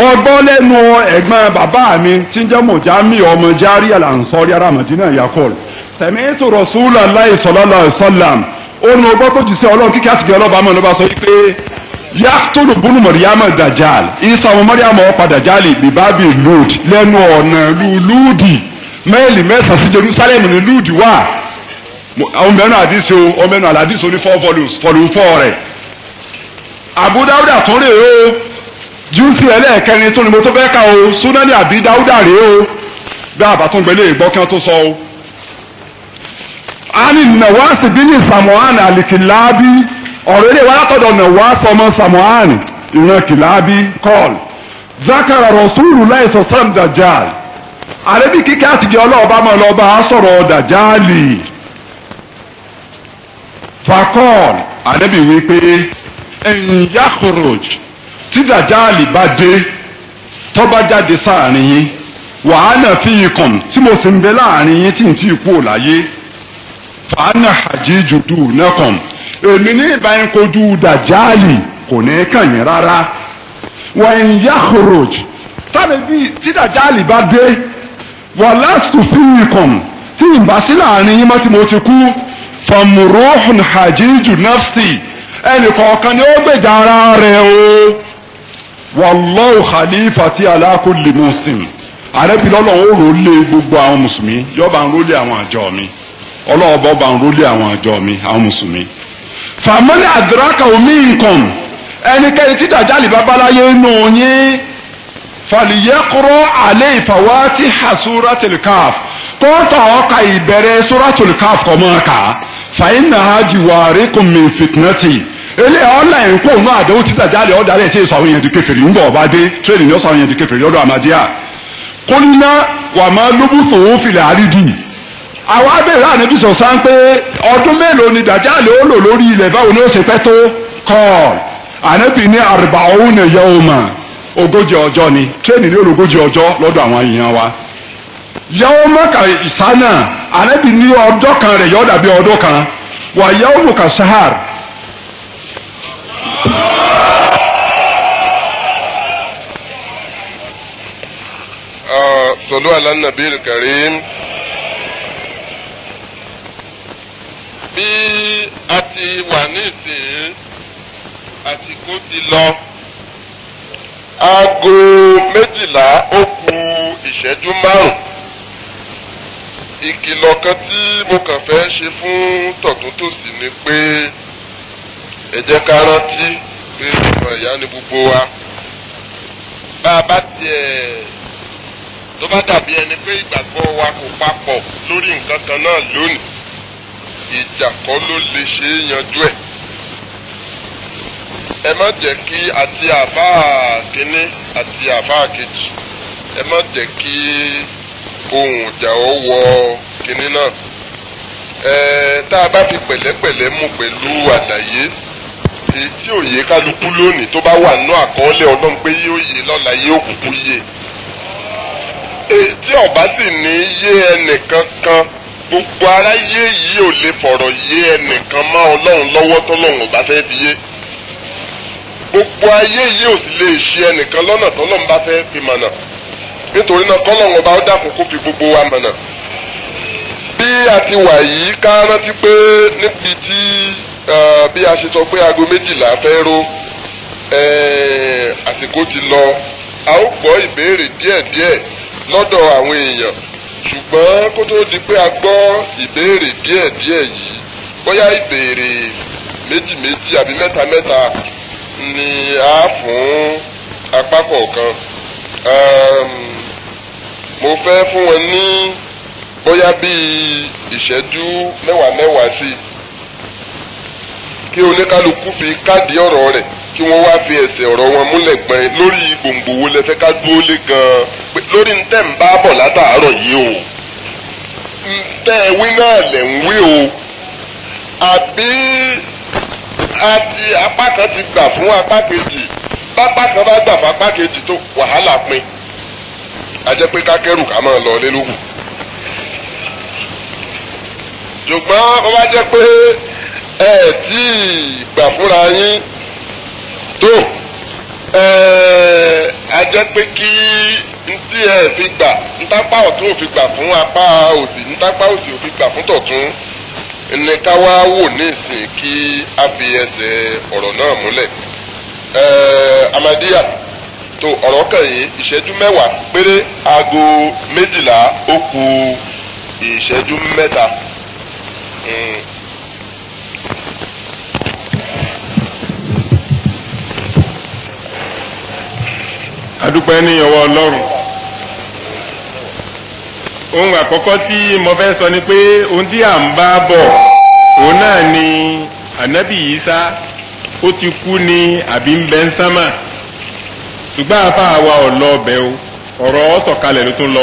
mo gbọ́ lẹ́nu ẹ̀gbọ́n bàbá mi tí ń jẹ́ mọ̀jámi ọmọ járí àlànsọ́rí ara màdínà yakol sami'tu rasulallahi sallallahu alaihi wasallam ó ní ọgbọ́ tó ti sẹ́ ọlọ́run kíkẹ́ àtìkẹ́ ọlọ́ba àmọ́ ló bá sọ wípé yaqtulu bunu mọ̀ríyàmọ̀ dajjal isa ọmọ mọ̀ríyàmọ̀ ọ̀pá dajjal bíbábì lud lẹ́nu ọ̀nà lúdì mẹ́ẹ̀lì mẹ́sàn-án sí jerusalem ní lud wà ọmọ ẹnu àdìsí o ọmọ ẹnu àdìsí o ní four volumes volume four rẹ̀ àbúdáwúdà tó rè é o jíǹsì ẹlẹ́ẹ̀kẹrin tó ni mo tó fẹ́ ka o súnáni àbí dáúdà rèé o bí àbátúngbẹ lè gbọ́ kí wọ́n tó sọ o. a ní nàwáàsì bíní samoan alikilaabi ọ̀rọ̀ ilé wa látọ̀dọ̀ nàwáàsì ọmọ samoan ìran kìláàbí kọ́ọ̀lù zakara rasulu láìsọ sam dajal àrẹ́bí kíkẹ́ àtijọ́ ọlọ́ọ̀bá máa lọ bá a sọ̀rọ̀ dajali fakọ́ọ̀lù àrẹ́bí wípé ẹ̀yìn yakuroj tí dàjáàlì bá dé tó bá jáde sáàrin yín wàhánà fi ikàn tí mo sì ń bẹ láàrin yín tí n tí kú láyé fàánà àjíjù dù nẹkàn èmi ní ìbáyín kojú dàjáàlì kò ní kàn yín rárá wọ́n yá horoj tábí bí tí dàjáàlì bá dé wọ́n láti fi ikàn tí n bá sí láàrin yín mọ́ tí mo ti kú fàmùrọ̀hùn àjíjù nọ́fsì ẹnì kọ̀ọ̀kan ni ó gbèjà ara rẹ̀ o wallahu khalifati ala kulli muslim àrẹ́bìlọ́lọ́ ń rólé gbogbo àwọn mùsùlùmí yọba ń rólé àwọn àjọ mi ọlọ́ọ̀bọ bá ń rólé àwọn àjọ mi àwọn mùsùlùmí. famani adraka omi nǹkan ẹnikẹ́ni tí dàjálì babaláyé nù yín fàlìyẹ́kọ́rọ́ alẹ́ ìfàwátì hasura tìlkaf tọ́tọ̀ ọkà ìbẹ̀rẹ̀ suratul kaf kọ́ mọ́ ká fàyínà hajj wàrí kùn min fitnati ele online kó nù àdéhùn títà jáde ọ̀dà rẹ̀ tí ì sọ àwọn èèyàn di kèfèrí ńgbọ̀ ọba dé tírénì ni ó sọ àwọn èèyàn di kèfèrí lọ́dọ̀ àmàdíà kólínà wà má lóbùtò òfìlẹ̀ àrídì àwọn abẹ́rẹ́ ànábì sọ sáà pé ọdún mélòó ni dàjáde ó lò lórí ilẹ̀ báwo ni ó ṣe pẹ́ tó kọ́ ànábì ní àrùbà òun nà yẹ òun mà ogójì ọjọ́ ni tírénì ní ológójì ọjọ́ lọ́dọ̀ àwọn èèyàn wa yàwó mọ́kà ìsánà ànábì ní ọdọ́ kan rẹ̀ yọ̀ọ́ dàbí ọdún kan wà yàwó mọ́kà sahar صلوا على النبي الكريم bí a ti wà ní ìsìn àsìkò ti lọ aago méjìlá ó ku ìṣẹ́jú márùn ìkìlọ̀ kan tí mo kàn fẹ́ ṣe fún tọ̀túntòsì ni pé ẹ ká rántí pé ọmọ ìyá ni gbogbo wa bá a bá tiẹ̀ tó bá dàbí ẹni pé ìgbàgbọ́ wa kò papọ̀ lórí nǹkan kan náà lónìí ìjà kọ́ ló lè ṣe é yanjú ẹ̀ ẹ má jẹ́ kí àti àbá kínní àti àbá kejì ẹ má jẹ́ kí ohun ìjà ó wọ kínní náà ẹ tá a bá fi pẹ̀lẹ́pẹ̀lẹ́ mú pẹ̀lú àlàyé èyí tí ò yé kálukú lónìí tó bá wà nínú àkọọ́lẹ̀ ọlọ́run pé yóò yé lọ́la yóò kúkú yé èyí tí ọba sì ní yé ẹnìkan kan gbogbo aráyé yìí ò lè fọ̀rọ̀ yé ẹnìkan mọ́ ọlọ́run lọ́wọ́ tọ́lọ́run ọba fẹ́ fi yé gbogbo ayé yìí ò sì lè ṣe ẹnìkan lọ́nà tọ́lọ́run bá fẹ́ fi mọ̀nà nítorí náà kọ́lọ́run ọba ó dàkún kó fi gbogbo wa mọ̀nà bí a ti wà yìí ká rántí pé níbi tí bí a ṣe sọ pé aago méjìlá fẹ́ ró àsìkò ti lọ a ó gbọ́ ìbéèrè díẹ̀díẹ̀ lọ́dọ̀ àwọn èèyàn ṣùgbọ́n kó tó di pé a gbọ́ ìbéèrè díẹ̀díẹ̀ yìí bóyá ìbéèrè méjì méjì àbí mẹ́ta mẹ́ta ni a fún apá kọ̀ọ̀kan mo fẹ́ fún wọn ní bóyá bíi ìṣẹ́jú mẹ́wàá mẹ́wàá sí i kí oníkálukú fi káàdì ọ̀rọ̀ rẹ̀ kí wọ́n wá fi ẹsẹ̀ ọ̀rọ̀ wọn múlẹ̀ gbọ́n lórí gbòǹgbò wo lẹ fẹ́ ká dúró lé gan-an pé lórí ń tẹ̀ ń bá bọ̀ látàárọ̀ yìí o ń tẹ́ ewé náà lẹ̀ ń wé o àbí àti apá kan ti gbà fún apá kejì bápá kan bá gbà fún apá kejì tó wàhálà pin àjẹ́ pé kákẹ́rù ká máa lọ lé lóhùn ṣùgbọ́n wọ́n bá jẹ́ pé ẹ tí ì gbà fúnra yín tó ẹ a jẹ́ pé kí ntí ẹ fi gbà ntápá ọ̀tún ò fi gbà fún apá òsì ntápá òsì ò fi gbà fún tọ̀tún ní ká wá wò ní ìsìn kí a fi ẹsẹ̀ ọ̀rọ̀ náà múlẹ̀ ẹ amadiya tó ọ̀rọ̀ kàn yìí ìṣẹ́jú mẹ́wàá péré aago méjìlá ó kù ìṣẹ́jú mẹ́ta. Hmm. adúpẹ́ ní ọwọ́ ọlọ́run ohun àkọ́kọ́ tí mo fẹ́ sọ ni pé ohun tí à ń bá bọ̀ òun náà ni ànábì Ìsá ó ti kú ní àbí ń bẹ ń sánmà ṣùgbọ́n àfa ọbẹ̀ o ọ̀rọ̀ ọ̀sọ̀kalẹ̀ ló tún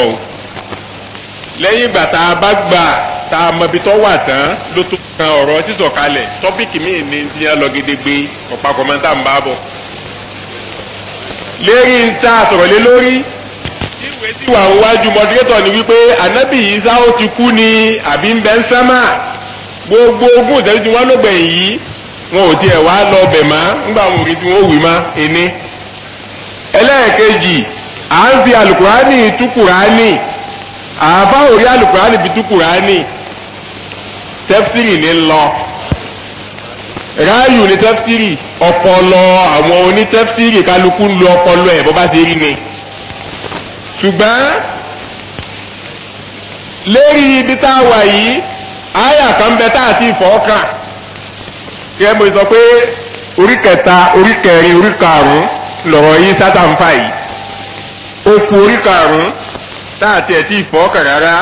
kan ọ̀rọ̀ sísọ̀kalẹ̀ tọ́pìkì míì ti lọ lérí ń ta sọ̀rọ̀ lé lórí ìwé tí wà ń wájú mọdúrétọ̀ ni wípé ànábì Ìsá ó ti kú ni àbí ń bẹ ń sámà gbogbo ogún ìtẹ́jú tí wọ́n ló gbẹ̀yìn yìí wọn ò tiẹ̀ wá lọ bẹ̀ mọ́ nígbà wọn ò rí tí wọ́n wì mọ́ ẹni. ẹlẹ́ẹ̀kejì à ń fi alukurani tú kurani àbá òrí alukurani bí tú kurani tẹ́fsìrì ní lọ ráàyù ní tẹ́fsírì ọpọlọ àwọn onítẹ́fsírì kálukú ń lo ọpọlọ ẹ̀ bó bá ti rí ni ṣùgbọ́n lérí ibi tá a wà yìí àyà kan bẹ tá a ti fọ́ọ̀kàn kẹ́ mo sọ pé orí kẹta orí kẹrin orí karùn-ún lọ̀rọ̀ yìí sátàǹfà yìí ó ku orí karùn-ún tá a tiẹ̀ ti fọ́ọ̀kàn rárá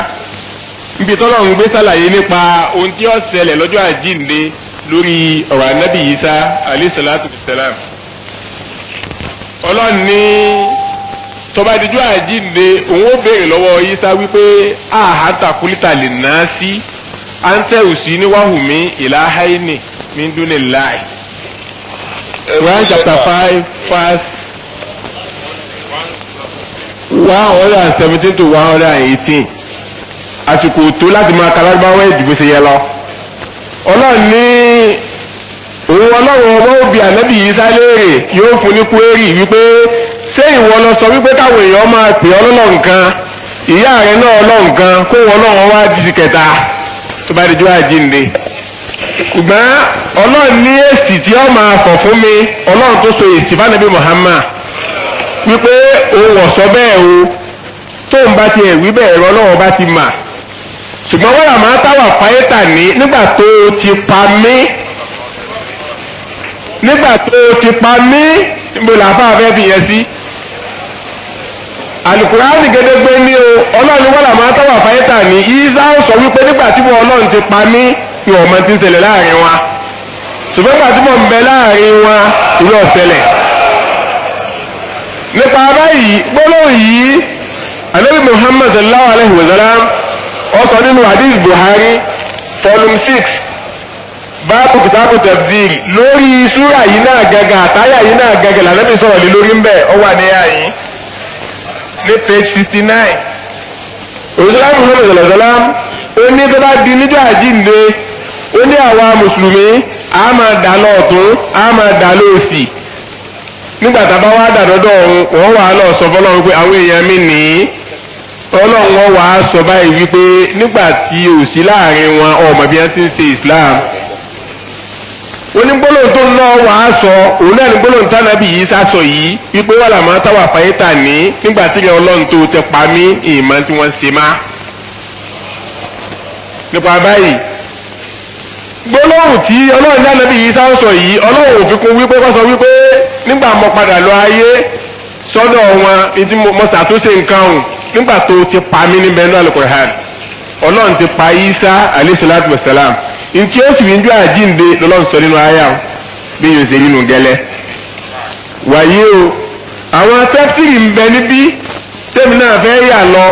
ibi tọ́lọ́run gbé sàlàyé nípa ohun tí ó ṣẹlẹ̀ lọ́jọ́ àjíǹde lórí ọ̀rọ̀ anábì Isa alayhi salatu wassalam ọlọ́run ní tọba ìdíjọ́ àjínde òun ó béèrè lọ́wọ́ Isa wípé àhàntà kúlítà lè ná sí àǹtẹ̀ òsì níwáhùnmí ìlàháìní min dunillahi. Quran chapter five verse one hundred and seventeen to one hundred and eighteen àsìkò tó láti máa kalágbáwé ìdìbò ṣe yẹ lọ ọlọ́run ní òun ọlọ́run ọmọ òbí ànábì yìí sáléèrè yóò fún ní kúérì wípé ṣé ìwọ lọ sọ wípé káwọn èèyàn máa pè ọ́ lọ́nà nǹkan ìyá rẹ náà ọlọ́run kan kó wọn náà wá di kẹta tó bá dijọ́ àjínde ṣùgbọ́n ọlọ́run ní èsì tí ó máa fọ̀ fún mi ọlọ́run tó so èsì fánàbí Muhammad wípé òun ọ̀sọ́ bẹ́ẹ̀ o tóun bá ti ẹ̀wí bẹ́ẹ̀ rọ ọlọ́run bá ti mà ṣùgbọ́n wọ́n làmá táwà fáyé ní nígbà tó o ti pa mí nígbà tó o ti pa mí níbo làbá fẹ́ fi yẹn sí. alukurani gẹdẹgbẹ ni o ọlọ́run wọ́n làwọn atọ́wà fáyítà ni isa sọ wípé nígbà tí wọn ọlọ́run ti pa mí ìwọ̀n ọmọ ti ń ṣẹlẹ̀ láàrin wa ṣùgbọ́n nígbà tí wọn ń bẹ láàrin wa ìwé ọ̀sẹ̀lẹ̀ nípa báyìí gbólóhùn yìí anabi muhammad sallallahu alayhi wa sallam nínú hadith buhari volume six báàbù kìtàbù tẹ̀fìsìrì lórí súrà yìí náà gẹ́gẹ́ àtàyà yìí náà gẹ́gẹ́ lànàbí sọ̀rọ̀ lé lórí ń bẹ̀ ọ wà ní àyín ní page sixty nine ó ní tó bá di níjọ́ àjínde ó ní àwa mùsùlùmí a máa dà lọ́ọ̀tún a máa dà nígbà tá a bá wá dà dọ́dọ̀ ọ̀hún wọ́n wà á lọ sọ fọlọ́run pé àwọn èèyàn mi nìyí ọlọ́run wọn wà á sọ báyìí wípé nígbà tí òsì láàrin wọn ọmọ bí wọ́n ti islam. onígbólóhùn tó ń lọ wàá sọ òun náà ní gbólóhùn tánàbì yìí sásọ yìí wípé wà làmọ́ táwà fàyẹ́tà ní nígbà tí ìyá ọlọ́run tó tẹ pa mí ìmọ̀ tí wọ́n ṣe má. nípa báyìí gbólóhùn tí ọlọ́run tánàbì yìí sásọ yìí ọlọ́run òfin kún wípé kọ́ sọ wípé nígbà mo padà lọ ayé sọ́dọ̀ wọn ìdí mo ṣàtúnṣe nǹkan ọ̀hún nígbà tó ti pa mí níbẹ̀ náà lọ́kùnrin ọlọ́run ti nti o fìbí njọ àjínde lọlọ́nsọ nínú ayá o bí yóò ṣe nínú gẹ́lẹ́ wàyí o àwọn tẹ́pítìrì ń bẹ níbí tẹ́mi náà fẹ́ yà lọ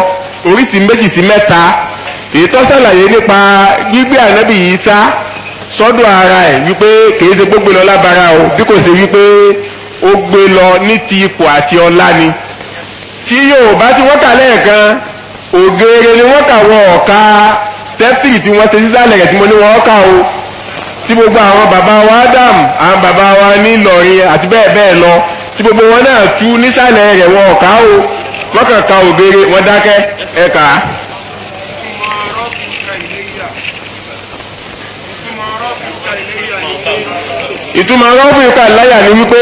oríṣi méjì sí mẹ́ta èyí tó ṣàlàyé nípa gbígbé ànábì yìí sá sọ́dọ̀ ara ẹ̀ wípé kìí ṣe gbogbo lọ lábara o bí kò ṣe wípé ó gbé lọ ní ti ipò àti ọlá ni tí yóò bá ti wọ́n kà lẹ́ẹ̀kan ògèrè ni wọ́n kà wọ ọ̀ka tẹ́tìrì tí wọ́n ṣe sísàlẹ̀ rẹ̀ tí mo ní wọ́n kà o tí gbogbo àwọn bàbá wa Adam àwọn bàbá wa ní Ìlọrin àti bẹ́ẹ̀ bẹ́ẹ̀ lọ tí gbogbo wọn náà tú nísàlẹ̀ rẹ̀ wọn kà o wọ́n kàn ka ògèrè wọ́n dákẹ́ ẹ̀ kà á. ìtumọ̀ rọ́bù ikọ̀ àláyà ni wípé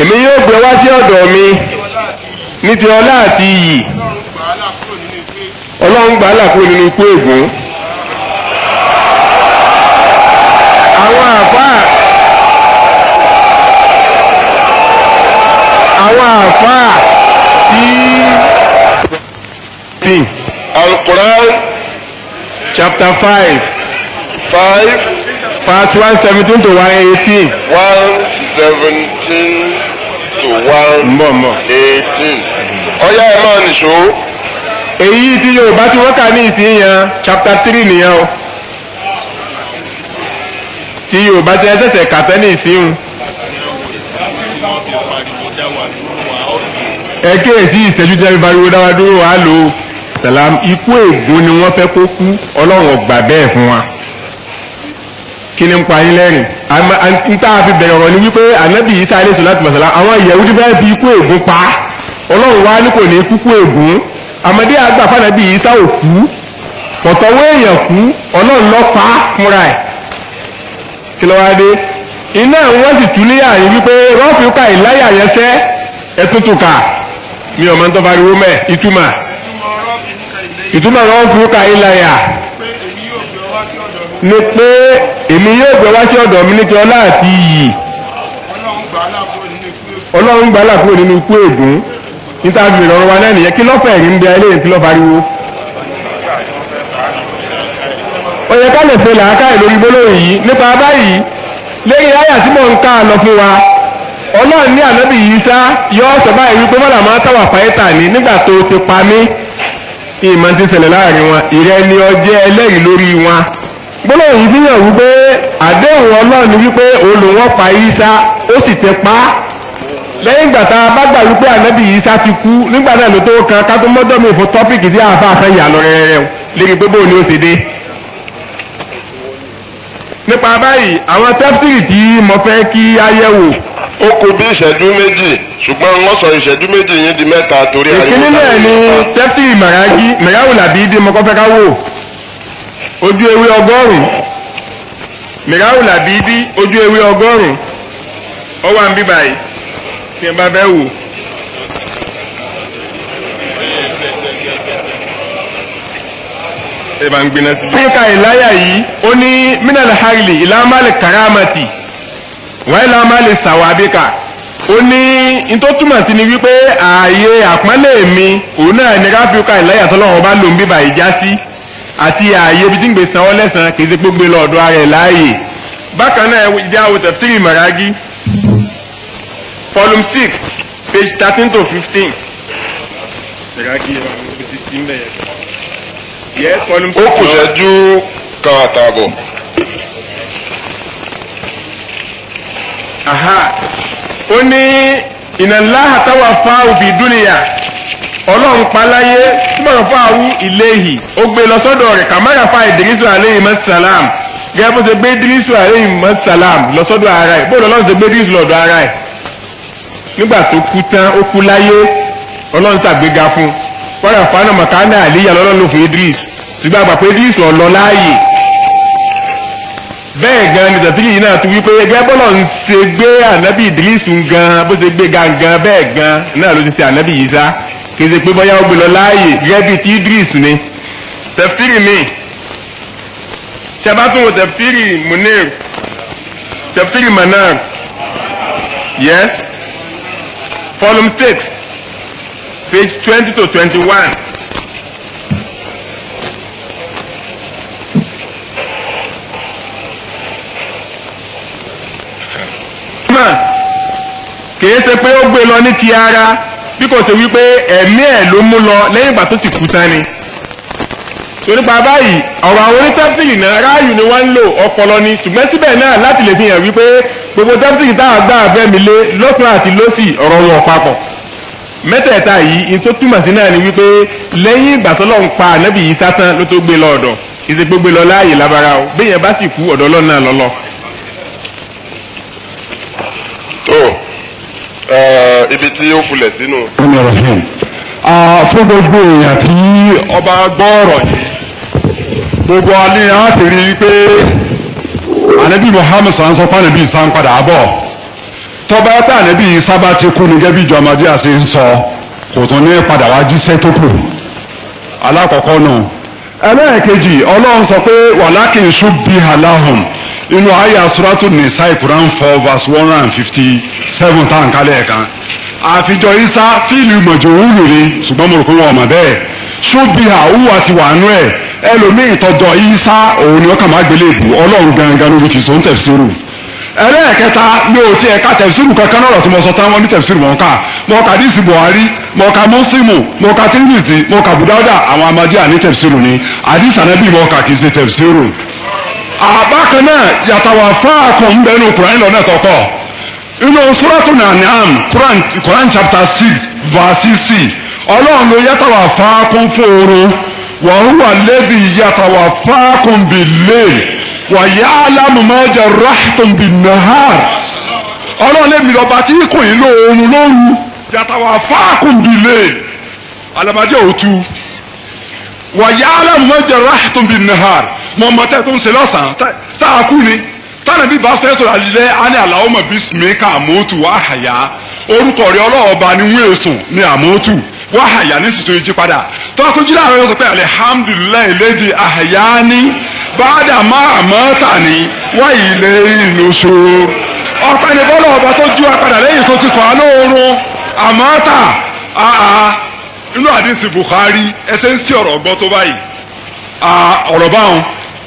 èmi yóò gbé wá sí ọ̀dọ̀ mi ní ti ọlá àti iyì ọlọ́run gbà á là kúrò nínú ikú ègún. àwọn àfáà àwọn àfáà tí. Al-Quran chapter five. five. verse one seventeen to one eighteen. one seventeen to one eighteen. ọ̀yá ẹ̀ máa nìṣó èyí tí yorùbá tí wọ́n kà ní ìsinyìí chapter three nìyẹn o tí yorùbá tí ẹ ṣẹ̀ṣẹ̀ kà tẹ́ ní ìsinyìí. ẹ kéèsì ìṣẹ́jú tí a fi pariwo dáwà dúró wàá lò ó sàlám ikú ègún ni wọ́n fẹ́ kó kú ọlọ́run ọgbà bẹ́ẹ̀ fún wa kí ni ń pa yín lẹ́rìn n tá a fi bẹ̀rẹ̀ ọ̀rọ̀ ni wípé ànábì yìí tá a lè sọ láti mọ̀sálá àwọn ìyẹ̀wò tí bẹ́ẹ̀ fi ikú ègún pa ọlọ́run wa ni kò ní kúkú ègún àmọ́dé àgbà fànàbí yìí sá òkú pọ̀tọ́wọ́ èèyàn kú ọlọ́run lọ pa á fúnra ẹ̀ kí ló wáá dé iná wọn sì tún níyà yín wípé rọ́ọ̀fù ká ìláyà yẹn sẹ́ ẹ̀tútù ká mi ò mọ ní tọ́ba ariwo mẹ́ ìtumà ìtumà rọ́ọ̀fù ká ìláyà ni pé èmi yóò gbé wá sí ọ̀dọ̀ mi ní kí ọlá àti iyì ọlọ́run gbà á láàbò nínú ikú ègún. níta bèrè wa náà nìyẹn kí lọ́fẹ̀ẹ́ rí ń bẹ onye kí lọ́ọ́ fariwo. ó yẹ ká lè ṣe làákàyè lórí gbólóhùn yìí nípa báyìí lẹ́yìn ayà tí mò ń ká lọ fún wa ọlọ́run ní ànábì Ìsá yọ sọ báyìí wípé máa tàwà nígbà tó ti pa mí ìmọ̀ ti ṣẹlẹ̀ láàrin wọn ìrẹ́ ni ọjẹ́ ẹlẹ́rìí lórí wọn gbólóhùn yìí fi hàn wípé àdéhùn ọlọ́run wípé pa ó sì ti lẹ́yìn ìgbà tá a bá gbà wípé ànábì Ìsá ti kú nígbà náà ló tó kan ká tó mọ́jọ́ mi fún tọ́pìkì tí àáfà àfẹ́ yà lọ rẹ́rẹ́rẹ́ o lérí pé bóun ni ó ṣe dé. nípa báyìí àwọn tẹ́pìtì tí mo fẹ́ kí a yẹ̀ wò. ó kù bí ìṣẹ́jú méjì ṣùgbọ́n wọ́n sọ ìṣẹ́jú méjì yín di mẹ́ta torí àríwá. ìkíní náà ni tẹ́pìtì mẹ̀rájí mẹ̀ráwù làbí dí mo kọ́ fẹ́ ká wò ojú ewé ọgọ́rùn-ún mẹ̀ráwù làbí dí ojú ewé ọgọ́rùn-ún ó wà tí ẹ bá bẹ́ wò. ẹ bá ń gbiná sí. pínká ìláyà yìí ó ní minal harili ìlàmàlì karamati wàá ìlàmàlì sàwábíkà ó ní ntótúmọ̀ sí ni wípé ààyè àpọ́nlé mi òun náà ní ráfíùkà ìláyà tọ́lọ́run bá lòun bíbà ìjà sí àti ààyè ibi tí ń gbé sanwó lẹ́sàn-án kì í ṣe gbogbo lọ́ọ̀dọ̀ ara ẹ̀ láàyè bákan náà ìdí àwọn tẹ̀síìrì mọ̀rágí volume six page thirteen to fifteen. ó kù ṣẹ́jú kan àtààbọ̀. ó ní ìnànlá àtàwà fáwọn òbí dúnìyà ọlọ́run paláyé túbọ̀rọ̀ fáwọn ìléhì ó gbé lọ sọ́dọ̀ rẹ̀ kàmáyà fa ìdírísù alayhi mọ́sálàm gẹ́gẹ́ bó ṣe gbé ìdírísù alayhi mọ́sálàm lọ sọ́dọ̀ ara ẹ̀ bó lọ́lọ́run ṣe gbé ìdírísù lọ́dọ̀ ara ẹ̀ nígbà tó kú tán ó kú láyé ọlọ́run ṣàgbéga fún un fọ́nà fọ́nà mọ̀kánà àlíyà lọ́lọ́run fún Idris ṣùgbọ́n àgbà pé Idris ọ̀lọ́ láàyè bẹ́ẹ̀ gan ni tẹ̀sílì yìí náà ti wí pé ẹgbẹ́ bọ́lọ̀ ń ṣe gbé ànábì Idris gan bó ṣe gbé gangan bẹ́ẹ̀ gan náà ló ti ṣe ànábì yìí sá kì í ṣe pé bọ́yá ó gbé lọ láàyè gẹ́gẹ́ bíi ti Idris ni tẹ̀sílì mi ṣàbátún wo tẹ̀sílì Munir tẹ̀sílì Manar yes. Column six, page twenty to 21 kìí ṣe pé ó gbé lọ ní ti ara bí kò ṣe wípé ẹ̀mí ẹ̀ ló mú lọ lẹ́yìn ìgbà tó ti kú tán ni torípa báyìí ọ̀rọ̀ àwọn onítẹ́fìlì náà ráàyù ni wọ́n ń lò ọpọlọ ni ṣùgbọ́n síbẹ̀ náà láti lè fi hàn wípé gbogbo dẹ́pítì tá a gbà fẹ́mi lé lọ́sùn àti lọ́sì ọ̀rọ̀ wọn papọ̀ mẹ́tẹ̀ẹ̀ta yìí ní tó túmọ̀ sí náà ni wípé lẹ́yìn ìgbà tó lọ́n pa ànábì yìí sátán ló tó gbé lọ́ọ̀dọ̀ ìṣe gbogbo lọ láàyè lábara o bẹ́ẹ̀ yẹn bá sì kú ọ̀dọ̀ lọ́nà lọ́lọ́. tó ibi tí ó fulẹ̀ sínú. fún gbogbo èèyàn tí ọba gbọ́ ọ̀rọ̀ yìí gbogbo alẹ́ àtẹ̀rí pé ànábì muhammed sọ̀rọ̀ sọ fún ànábì isa ń padà bọ̀ tọ́ba pé ànábì isa bá ti kú ni gẹ́bí ìjọ ọmọdé àti ń sọ kò tún ní padà wá jíṣẹ́ tó kù alákọ̀ọ́kọ́ nù ẹlẹ́ẹ̀kejì ọlọ́run sọ pé wàlákì ṣubbi aláhùn inú àyà suratu nisa ìkúrán four verse one hundred and fifty seven tá à ń kálẹ̀ kan àfijọ́ isa fíìlì mọ̀jọ̀ òwúlò ni ṣùgbọ́n mo rò pé wọn ò mọ̀ bẹ́ẹ̀ ṣubbi àwùwà ti wà nú ẹ̀ ẹlòmíì tọ̀dọ̀ ìsá òun ni wọ́n kà máa gbélé ìbò ọlọ́run gangan ló fi sọ ń tẹ̀síìrù ẹlẹ́ẹ̀kẹta mi ò tiẹ̀ ka tẹ̀síìrù kankan náà tí mo sọ táwọn ní tẹ̀síìrù mọ̀ ká mọ̀ ká díìsì buhari mọ̀ ká mùsùlùmù mọ̀ ká tìrìmìtì àwọn amadíà ní tẹ̀síìrù ni àdìsí ànábì mọ̀ kì í ṣe tẹ̀síìrù. àbákan náà yàtàwà fáàkùn bẹnu kùránì lọ́nà tọkọ inú suratul an'am quran chapter six verse six ọlọ́run ló yàtàwà fáàkùn fún oorun وهو الذي yàtàwà بالليل ويعلم ما wàyà بالنهار ráàtùn bì nàhàr ọlọ́run lẹ́mi lọ́ba tí kò yín lóorun lóru yàtàwà fáàkùn bì lè alamajẹ òtu wàyà alámùmájà ráàtùn bì nàhàr mọ̀mọ́tẹ́ tó ń ṣe lọ́sàn-án sáà kú ni tánà bí bá fẹ́ sọ̀rọ̀ alẹ́ á bí sùnmí àmótù wá orúkọ rẹ̀ ọlọ́ọ̀ba ni wọ́n èsùn àmótù wọ́n àyà ní sì tó yìí jí padà tọ́lá tó jí láàárọ̀ yóò sọ pé alihamudulilayi lẹ́dí àyà ni báàdà máa mọ́ta ni wọ́n yìí lé ìlóso ọ̀pẹ́ ni bọ́lá ọba tó jí wa padà lẹ́yìn tó ti kọ́ á lóorun àmọ́ta àà inú àdínsì Bukhari ẹsẹ̀ ń sí ọ̀rọ̀ gbọ́ tó báyìí ọ̀rọ̀ báwọn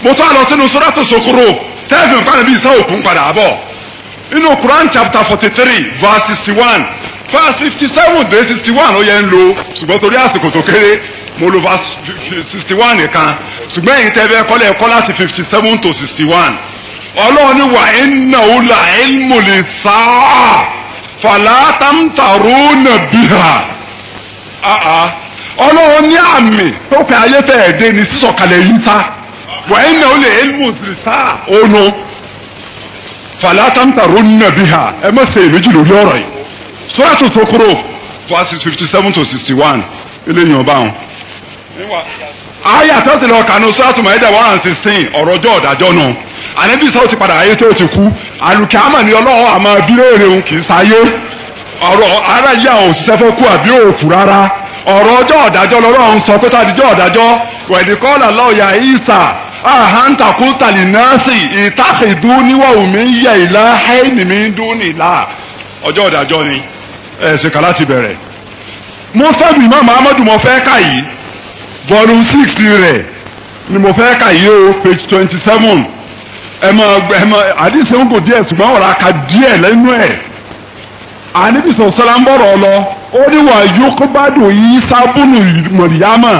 mo tọ́ àlọ́ sínú sọ́dọ̀tò sokoro tẹ́ẹ̀fì nǹkan bíi sáwọ́ òkun padà bọ̀ inú Quran chapter forty three verse sixty one verse fifty seven dé sixty one ó yẹ ń lo ṣùgbọ́n torí àsìkò tó kéré mo lo verse sixty one nìkan ṣùgbọ́n èyí tẹ́ fẹ́ kọ́lẹ̀ kọ́ láti fifty seven to sixty one ọlọ́run ní wà ń nà ó là ń mòlè sáà fàlàtàmtàrú nàbíhà ọlọ́run ní àmì tó pẹ́ ayé tẹ̀ ẹ́ dé ní sísọ̀kalẹ̀ yìí sá wà ń nà ó lè ń mòlè sáà ó nu fàlàtàmtàrú nàbíhà ẹ má ṣe èméjì lórí ọ̀rọ̀ yìí sọ́ọ́tù tó kúrò verse fifty seven to sixty one eléyìí ọba àwọn. àyà tó ti lọ kànú sọ́ọ́tù mẹ́ẹ̀dẹ̀ one and sixteen ọ̀rọ̀jọ́ ọ̀dàjọ́ náà ànábì sáwọ́ ti padà ayé tó ti kú àlùkí àmà ni ọlọ́run àmọ́ bírèèrè òun kì í sáyé ọ̀rọ̀ ara yìí àwọn òṣìṣẹ́ fẹ́ kú àbí òkú rárá ọ̀rọ̀ ọjọ́ ọ̀dájọ́ lọ́rọ̀ ń sọ pé tàdíjọ́ ọ̀dájọ́ wẹ̀díkọ́là lọ́ọ̀yà ìsà àhántà kúntàlì nọ́ọ̀sì ìtàkìdú níwọ̀ yẹ ìlà ẹ̀yìn mi ọjọ́ ọ̀dájọ́ ni ẹ̀sìn kan láti bẹ̀rẹ̀ mo fẹ́ bí Imam Ahmadu mo fẹ́ kà yìí volume six rẹ̀ ni mo fẹ́ kà yìí o page twenty seven ẹ mọ ẹ mọ àdìsẹ́wọ̀n kò díẹ̀ ṣùgbọ́n ọ̀rọ̀ aka díẹ̀ lẹ́nu ẹ̀ àníbìsọ̀ sọlá ń bọ̀rọ̀ lọ ó ní wà yókùbádùn yìí sábùnù mọ̀ríyámà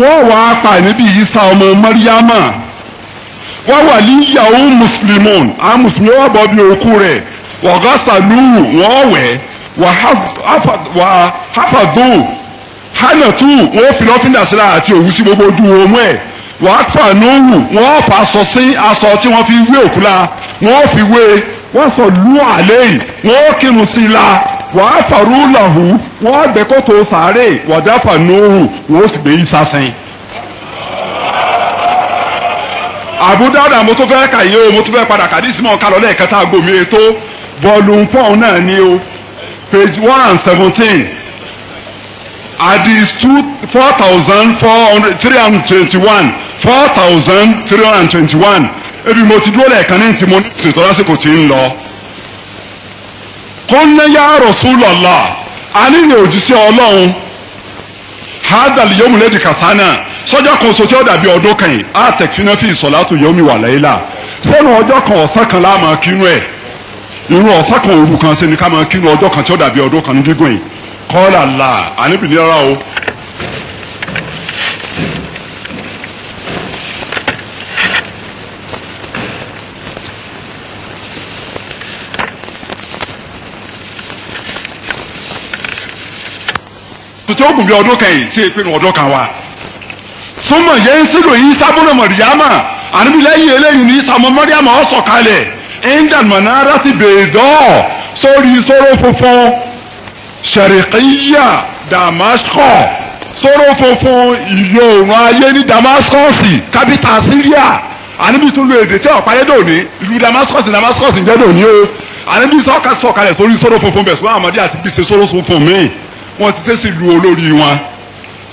wọ́n wà á pa níbi yìí sá ọmọ mọ̀ríyámà wọ́n wà ní ìyàwó mùsùlùmí àwọn wà bọ̀ bí òkú rẹ̀ wọ́gọ́sà lùwù wọ́n wẹ̀ wà hápàdó hánàtú wọn fi lọ́fíńdà síra àti òwú sí gbogbo ojú wọn mọ́ ẹ̀ wà á pa nóòwù wọn fà aṣọ sí aṣọ tí wọ́n fi wé òkú la wọ́n fi wé wọ́n sọ lú àlẹ́ yìí wọ́n kírun sí i la wà á fàrú làhù sàárè wàdà fà nóòwù sì gbé yìí sásẹ́yìn. àbúdáàdà mo tó fẹ́ kàyé o mo tó fẹ́ padà kàdísí mọ́ ọ̀ka lọ́lẹ́ ẹ̀kẹta bọ́ọ̀lù ń náà ni o page one and seventeen At hadith two four thousand four hundred three hundred twenty-one four thousand three hundred twenty-one ebi mo ti dúró lẹ́ẹ̀kan ní ti mo ní ìsìn tọ́lá sí kò tí ń lọ. kọ́nẹ́yà Rasulullah àníyàn òjíṣẹ́ ọlọ́run hadal yomulẹ́dì kasana sọ́jà kan so tí ó dàbí ọdún kan yìí àtẹ̀fínà fi ìsọ̀lá tó yomi wà láyé la sẹ́nu ọjọ́ kan ọ̀sán kan láàmú akínú ẹ̀ irú ọ̀sán kan òru kan sẹ́ni ká máa kírun ọjọ́ kan tí ó dàbí ọdún kan ní gígùn yìí kọ́lá là àníbìní rárá o. tètè ó gùn bí ọdún kan yìí tí èpinnu ọdún kan wa súnmọ̀ yẹn ń sílò yìí sábúrò mọ̀ríyámà àníbìlẹ́yìn eléyìí ní sàmọ́ mọ́ríyámà ọ̀sọ̀kalẹ̀ indal manara ti bèèdọ́ sórí sóró funfun ṣàríkìyà damascus sóró funfun ìyọ òrùn ayé ní damascus kábítà syria àníbi tún lu èdè tí ọ̀pá yé dòní ìlú damascus damascus ń jẹ́ dòní o àníbi sọ́ka sọ̀kalẹ̀ sórí sóró funfun bẹ̀ sọ́wọ́n àmọ́dé àti bíi ṣe sóró funfun míì wọ́n ti tẹ́sí lu olórí wọn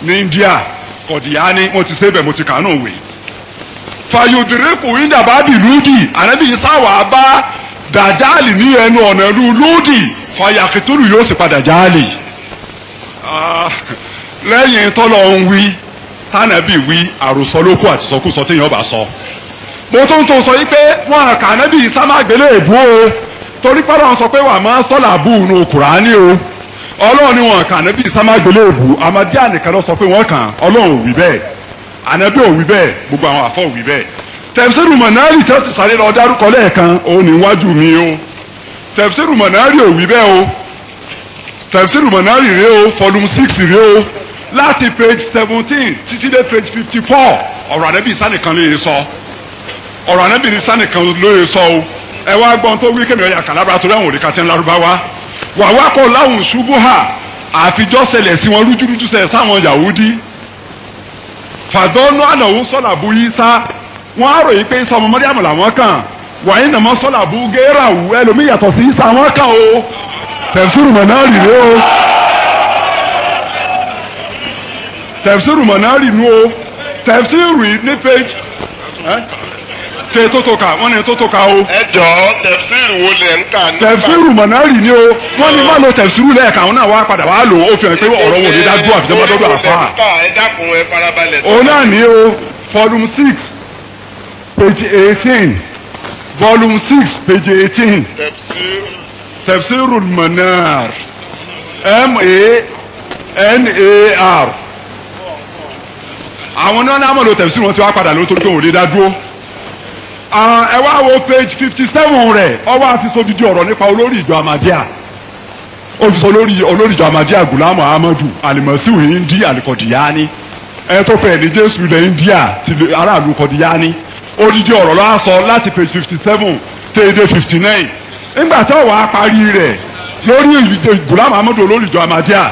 ní india kọ̀díyá ni wọ́n ti ṣe mo ti kàánù wèé fayodrefu indabadi ludi ànábì Ìsá wá bá dàjáàlì ní ẹnu ọ̀nà ìlú ludi fayakitulu yóò sì padà jáàlì. Ah, lẹ́yìn tọ́lọ̀ ń wí tánàbì wí àròsọ lókù àti sọkúsọ téèyàn bá sọ. mo tún tún sọ yìí pé wọn àkà ànábì Ìsá èbú o torí pẹ́lú sọ pé wàá máa sọ́là bú inú kùránì o ọlọ́run ni wọn àkà ànábì Ìsá èbú àmàdí ànìkan lọ sọ pé wọ́n kàn ọlọ́run wí bẹ́ẹ̀ ànábì ò wí bẹ́ẹ̀ gbogbo àwọn àfọ wí bẹ́ẹ̀ tẹ̀síìrù mọ̀nárì tó ti sáré lọ dárúkọ lẹ́ẹ̀kan òun ní wájú mi o tẹ̀síìrù mọ̀nárì ò wí bẹ́ẹ̀ o tẹ̀síìrù mọ̀nárì rèé o volume six rèé o láti page seventeen títí dé page fifty four ọ̀rọ̀ ànábì sánìkan lè sọ ọ̀rọ̀ ànábì ní sánìkan lè sọ o ẹ wá gbọ́n tó wí kémi ọ̀yà kàlábà tó láwọn òrìkà tí ń lárúbáwá wàá wákọ̀ láwùn ṣubú hà àfijọ́ ṣẹlẹ̀ sí wọn rújúrújú ṣẹlẹ̀ sáwọn Yahudi fàdọ́nù ànàwó sọ̀là bu yísà wọ́n á ròyìn pé sọmọ mọ́ríàmù làwọn kàn wàyí nàmọ́ sọ̀là bu géèrà wù ẹlòmíì yàtọ̀ sí yísà wọn kàn o tẹ̀síìrù mọ̀ náà rì o tẹ̀síìrù mọ̀ náà rì nu o tẹ̀síìrù ní page ṣe tótóka wọ́n ní tótóka o. ẹ jọ tẹfsiru wo lẹ ń kà nípa. tẹfsiru mọ̀nárì ni o wọ́n ní má lo tẹfsiru lẹ́ẹ̀ka àwọn náà wá padà wá lò ó fi hàn pé ọ̀rọ̀ wo ni dájú àfijọba dọ́dọ̀ àfa. ẹ dákun ẹ òun náà ni o volume six page eighteen volume six page eighteen tẹfsiru mọ̀nár m-a-n-a-r àwọn náà náà mọ̀ lo tẹfsiru wọn ti wá padà lórí torí pé òun ò lè Ah, ẹ wá wo page fifty seven rẹ ó wá ti sọ dídí ọ̀rọ̀ nípa olórí ìjọ Ahmadiyya olùsọ olórí olórí ìjọ Ahmadiyya Ghulam Ahmadu alimọ̀síwò indi alikọ̀dìyàní ẹ tó fẹ́ ní Jésù ilẹ̀ India ti aráàlú kọ̀dìyàní odidi ọrọ ló sọ láti page fifty seven téèdé fifty nine ńgbà tó wàá parí rẹ̀ lórí gulamu Ahmadu olórí ìjọ Ahmadiyya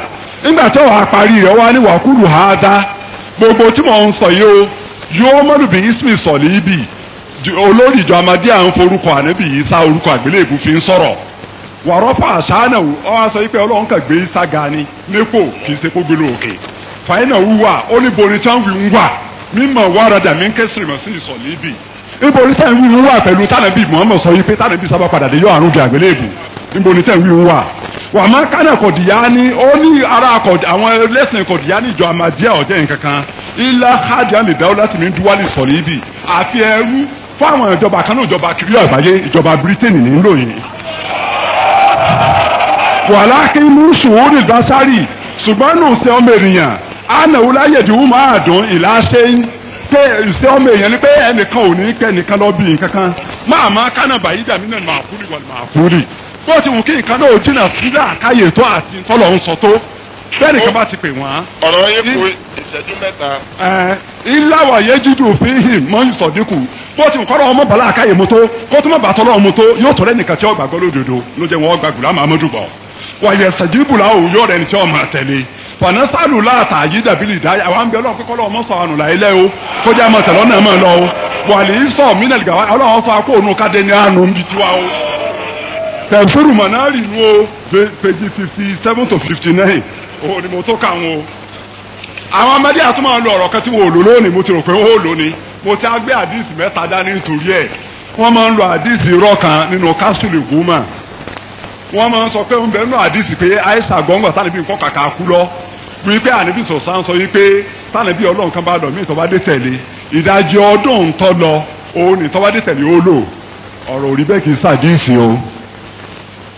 ńgbà tó wàá parí rẹ̀ wá ní wàkúrú hàdá gbogbo tí mò ń sọ yìí o yóò mọ́lùbí ismi sọ̀lì ibi olórí ìjọ amadíà ń forúkọ ànábì yìí sá orúkọ àgbélébù fi ń sọ̀rọ̀ wàrọ́pà àṣánà ọ wá sọ pé ọlọ́run kàn gbé sága ni lẹ́kọ̀ kì í ṣe kó gbé lóòkè fàyínà wúwà ó ní borí tí wọ́n fi ń wà mímọ̀ wàràdà mí ń kẹ́sìrì mọ̀ sí ìsọ̀lì níborí tẹ̀ ń wí wúwà pẹ̀lú tànàbí Muhammad sọ yìí pé tànàbí sábà padà dé yọ àrùn bí àgbélébù níborí tẹ̀ ń wí wúwà wà má kánà kọ̀dìyá ni ó ní ara àwọn lẹ́sìn kọ̀dìyá ní ìjọ amadíà ọ̀jẹ̀ nǹkan kan ilá hádìá lè dáwọ́ láti mi dúwálì sọ̀lì ibì àfi ẹrú fáwọn ìjọba kan náà ìjọba kiri àgbáyé ìjọba Britain ní lóyìn wàhálà kí mú sùúrù gbàsárì ṣùgbọ́n nù sẹ́ ọmọ ènìyàn ànáwó láyè ìdíwọ́ máa dùn ìlà pé ìṣe ọmọ èèyàn ni pé ẹnìkan ò ní kẹ́ ẹnìkan lọ bí nǹkan máa máa kánà bàyí dàmí náà máa kúrì wọ̀lì máa kúrì bó ti wù kí nǹkan náà ò jìnnà sílẹ̀ àkáyè tó àti tọ́lọ̀ ń sọ tó bẹ́ẹ̀ nìkan bá ti pè wọ́n. ọ̀rọ̀ yẹn kú ìṣẹ́jú mẹ́ta. ẹ ìlàwọ̀ yẹn jíjù fi hì mọ́ ìsọ̀dínkù bó ti kọ́ ọmọ moto àkàyè mu tó kó tó má bàtọ́ lọ́wọ́ mu tó yóò tọ́ lẹ́nìkan tí ó gbàgbọ́ lódodo ló jẹ́ wọn gbàgbọ́ láàmú amadu bọ̀ wàyẹ sàdíbù làwọn òòyọ̀ rẹ̀ ní tí ọmọ àtẹ̀lé fànásàlù láàtà àyídàbílì dáyà àwọn àbẹ̀ ọlọ́run kọ́kọ́ lọ́wọ́ sọ àánú láyé lẹ́wọ́ kó jẹ́ àmọ́ tẹ̀lọ́ náà mọ̀ lọ́wọ́ wàlí sọ mílẹ̀lì gàwá ọlọ́run sọ akó ònú kádé ní àánú bí tiwa o. tẹ̀síìrù mọ̀nárì nu o pèjì fifty seven to fifty nine òun ni mo tó kà àwọn àtúmọ̀ ọ̀rọ̀ lò lónìí mo ti rò pé ó mo ti agbé àdìsí mẹ́ta dání nítorí ẹ̀ wọ́n máa ń lo àdìsí rọ́ọ̀kan nínú kásùlù gúnmà wọ́n máa ń sọ pé ń bẹ nínú àdìsí pé àìsà gbọ́ngbà tánibí nǹkan kàkà kú lọ wípé ànibí sọ̀sán sọ wípé tánibí ọlọ́run kan bá lọ mí ìtọ́ba dé tẹ̀lé ìdajì ọdún tó lọ òun ní ìtọ́ba dé tẹ̀lé ó lò ọ̀rọ̀ òrí bẹ́ẹ̀ kì í sàdíìsì o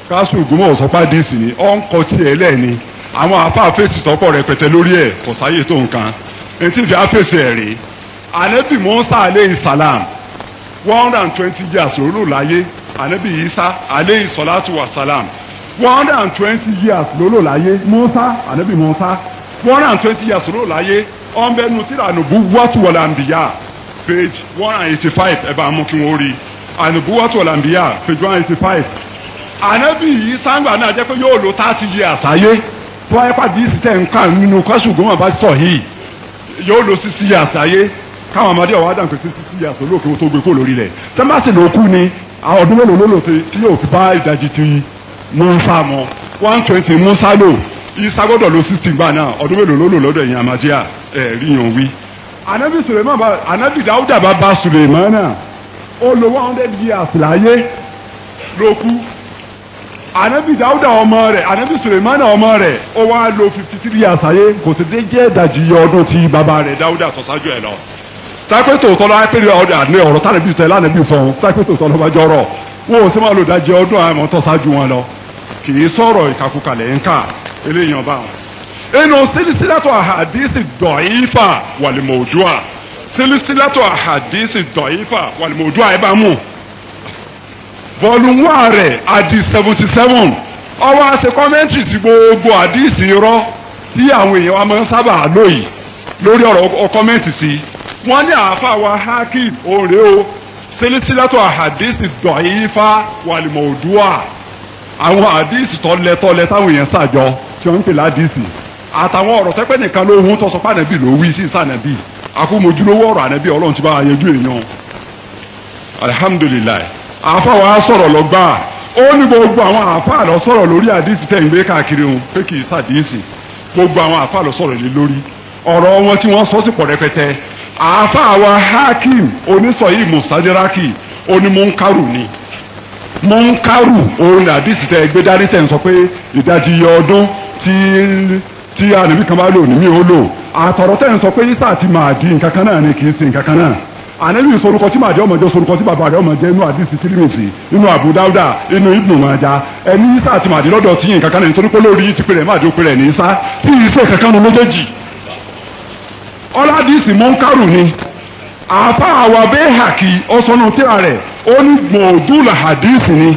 kásùlù gúnmà ò sọ pé ni ọ̀ ń kọ tiẹ̀ lẹ́ẹ̀ni àwọn àpá àfẹ́sì tọ́pọ̀ rẹpẹtẹ anabi musa aleyhi salam one hundred and twenty years ló lò láyé anabi isa aleyhi salatu wa salam one hundred and twenty years ló lò láyé musa anabi musa one hundred and twenty years ló lò láyé ọ̀nbẹ́nu tíra ànùbú wọ́tù wọ̀lá nbìyà page one hundred and eighty five ẹ̀ bá mú kí wọ́n rí ànùbú wọ́tù wọ̀lá nbìyà page one hundred and eighty five anabi yìí sangba náà jẹ́ pé yóò lò thirty years ayé tó ayé pàdé ìsìtẹ̀ nǹkan nínú kọ́sùgbọ́n àbá sọ yìí yóò lò sixty years ayé káwọn ọmọdé ọwọ́ adam pé títí sí àtò lóòkè tó gbé kó lórí rẹ̀ tẹ́mbàsì ló kú ni ọdún mélòó ló lò pé tí yóò fi bá ìdajì ti musa mọ one twenty musa lò isa gbọ́dọ̀ ló sì ti gbà náà ọdún mélòó ló lò lọ́dọ̀ ẹ̀yìn amadíà ẹ̀ rí yan wí. anabi suleiman bá anabi dawuda bá ba suleiman náà ó lo one hundred years láyé ló kú anabi dawuda ọmọ rẹ̀ anabi suleiman ọmọ rẹ̀ ó wá lo fifty three years ayé kò sì dé jẹ́ ìdajì ọdún tí bàbá rẹ̀ dawuda tó ṣáájú lọ tápẹ́ tòótọ́ lọ́wọ́ pé ọ̀dà ní ọ̀rọ̀ tánàbí sọ lánàbí fún tápẹ́ tòótọ́ lọ́wọ́ jọrọ̀ wọn ò sì máa lò dájẹ́ ọdún àwọn tó ṣáájú wọn lọ kì í sọ̀rọ̀ ìkàkùkàlẹ̀ ń kà eléyìí ọba wọn. inú sílísílátọ̀ àhàdísì dọ̀yífà wàlìmọ̀ọ́dúà sílísílátọ̀ àhàdísì dọ̀yífà wàlìmọ̀ọ́dúà ẹ bá mú. bọ́ọ̀lùwà rẹ̀ àdì seventy seven ọwọ́ àṣẹ kọ́mẹ́ntì sí gbogbo àdísì irọ́ tí àwọn èèyàn wa máa ń sábà lóyìí lórí ọ̀rọ̀ kọ́mẹ́ntì sí i wọ́n ní àáfà wa hakim òǹrè o sẹ́lẹ̀sílẹ̀tọ̀ àhàdísì dọ̀yìnfà wàlìmọ̀ọ́dúà àwọn àdísì tọ́lẹ̀tọ́lẹ̀ táwọn èèyàn ṣàjọ tí wọ́n ń pè ládìsì àtàwọn ọ̀rọ̀ tẹ́pẹ́ nìkan ló hun tọ́sọ pànàbí ló wí sí sànàbí àkómojúlówó ọ̀rọ̀ ànàbí ọlọ́run ti bá yanjú èèyàn alihamudulilayi àáfà wa sọ̀rọ̀ lọ́gbà ó ní gbogbo àwọn àáfà lọ sọ̀rọ̀ lórí àdísì tẹ̀ ń gbé káàkiri wọn pé kì í sàdísì gbogbo àwọn àáfà lọ sọ̀rọ̀ lé lórí ọ̀rọ̀ wọn tí wọ́n sọ sí pọ̀ rẹpẹtẹ àáfàá wa hakim onísọ̀yí musadiraki onímọ̀nkárù ni mọ̀nkárù òun àdìsí tẹ gbé dání tẹ̀ ń sọ pé ìdajì iye ọdún tí tí ànàbí kan bá lò ní mi ò lò àtọ̀rọ̀ tẹ̀ ń sọ pé isa ti máa di nǹkan kan náà ni kì í ṣe nǹkan kan náà ànàbí sorúkọ tí màdé ọmọdé sorúkọ tí bàbá rẹ ọmọdé inú àdìsí tirimisi inú Abu Dauda inú Ibnu Maja ẹni isa ti màdé lọ́dọ̀ tí nǹkan kan náà nítorí pé lórí ti pèrè màdé ọládìsí mọ́ńkàrù ni àfa àwàbẹ́ hàkì ọ̀sọ́nà tíra rẹ̀ ó ní mọ̀ọ́dù làhàdìsí ni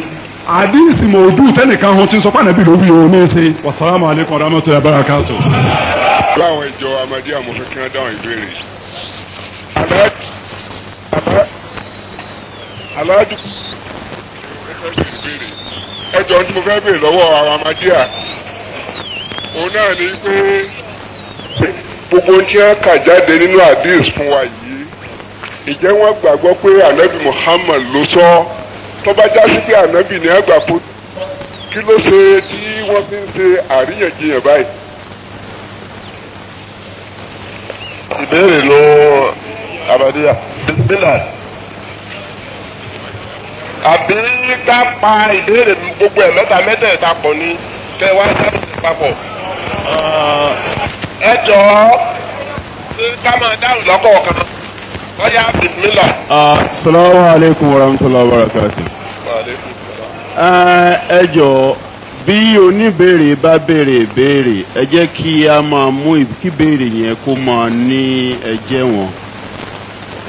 àdìsí mọ̀ọ́dù tẹ́nìkan hàn tí ń sọ pé ànábì ló wí o ní í ṣe. wàsálàmù aleykum rahmatulahi barakatu. láwọn ìjọ amadi amọ̀fẹ́ kí wọ́n dáhùn ìbéèrè. aláàjù ẹjọ́ tí mo fẹ́ béèrè lọ́wọ́ àwọn amadíà òun náà ní pé gbogbo tí wọn kà jáde nínú hadith fún wa yìí ìjẹ́ wọn gbàgbọ́ pé anabi muhammad ló sọ tọ́ba jásí pé anabi ni ẹ gbà fún kí ló ṣe tí wọ́n fi ń ṣe àríyànjiyàn báyìí. ìbéèrè ló abadiya bílà àbí ká pa ìbéèrè gbogbo ẹ̀ mẹ́ta mẹ́tẹ̀ẹ̀ta pọ̀ ni kẹ́ wá sábẹ̀ papọ̀. Ah, ẹ jọ ká máa dáhùn lọ́kọ̀ọ̀kan lọ́yà bìmílà. Ah, asalaamu aleykum wa rahmatulahi wa barakatu. Eh, ẹ jọ bí oníbèrè bá béèrè ìbéèrè ẹ jẹ́ kí a máa mú kí béèrè yẹn kó máa ní ẹjẹ́ wọn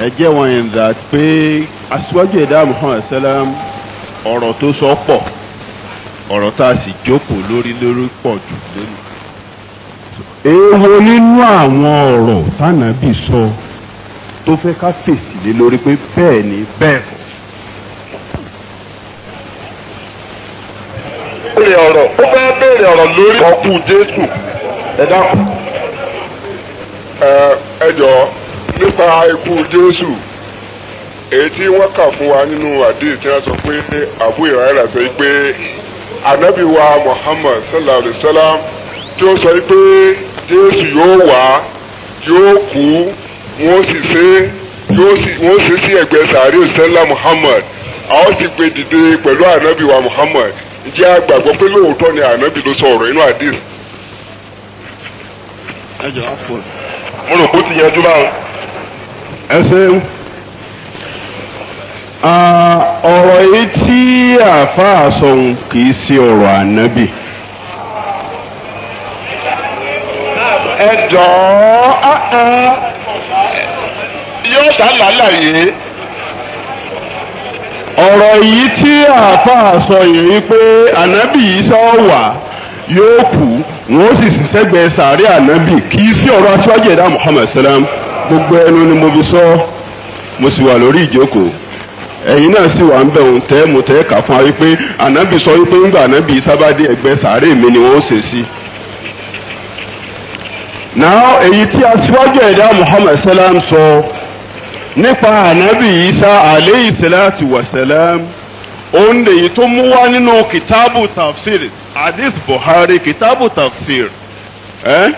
ẹjẹ́ wọn yẹn dà pé aṣíwájú ẹ̀dá Muhammad salam ọ̀rọ̀ tó sọ pọ̀ ọ̀rọ̀ tá a sì jókòó lórí lórí pọ̀ jù lónìí. èèwo nínú àwọn ọ̀rọ̀ tánàbì sọ tó fẹ́ ká fèsì lé lórí pé bẹ́ẹ̀ ni bẹ́ẹ̀ kọ́. ọ̀rọ̀ ó lórí ọkùn Jésù ẹ nípa ikú Jésù èyí tí wọ́n kà fún wa nínú àdéhùn tí wọ́n sọ pé àbú ìrànlá sọ pé sallallahu sọ pé. jésù yóò wá yóò kú wọ́n sì ṣe yóò sì wọ́n ṣe sí ẹ̀gbẹ́ sàárè òṣèlá muhammad a ó sì gbé dìde pẹ̀lú ànábì wa muhammad ǹjẹ́ a gbàgbọ́ pé lóòótọ́ ni ànábì ló sọ ọ̀rọ̀ inú àdìs. ẹ jọ àpò. mo rò kó ti yanjú báwọn. ẹ ṣeun ah, ọ̀rọ̀ yìí tí àáfàá sọ̀hún kì í ṣe ọ̀rọ̀ ànábì. ẹ̀dọ́ ah, ah. yóò ṣàlàyé ọ̀rọ̀ yìí tí àáfàá sọ yìí pé ànábì yìí sọ wà yóò kú wọn ó sì sì sẹ́gbẹ̀ẹ́ sàárẹ̀ ànábì kì í sí ọ̀rọ̀ aṣáájú ẹ̀dá Muhammad salam gbogbo ẹnu ni mo fi sọ mo sì wà lórí ìjókòó náà sì wà ń bẹ̀ òun tẹ́ mo tẹ́ fún wa wípé ànábì sọ wípé ńgbà ànábì sàárẹ̀ mi ni wọ́n ó náà èyí tí aṣíwájú ẹ̀dá Muhammad salam sọ nípa ànábì Isa aleyhi salatu wa salam òun lèyí tó mú wá nínú kìtàbù tafsir hadith Buhari kìtàbù tafsir eh?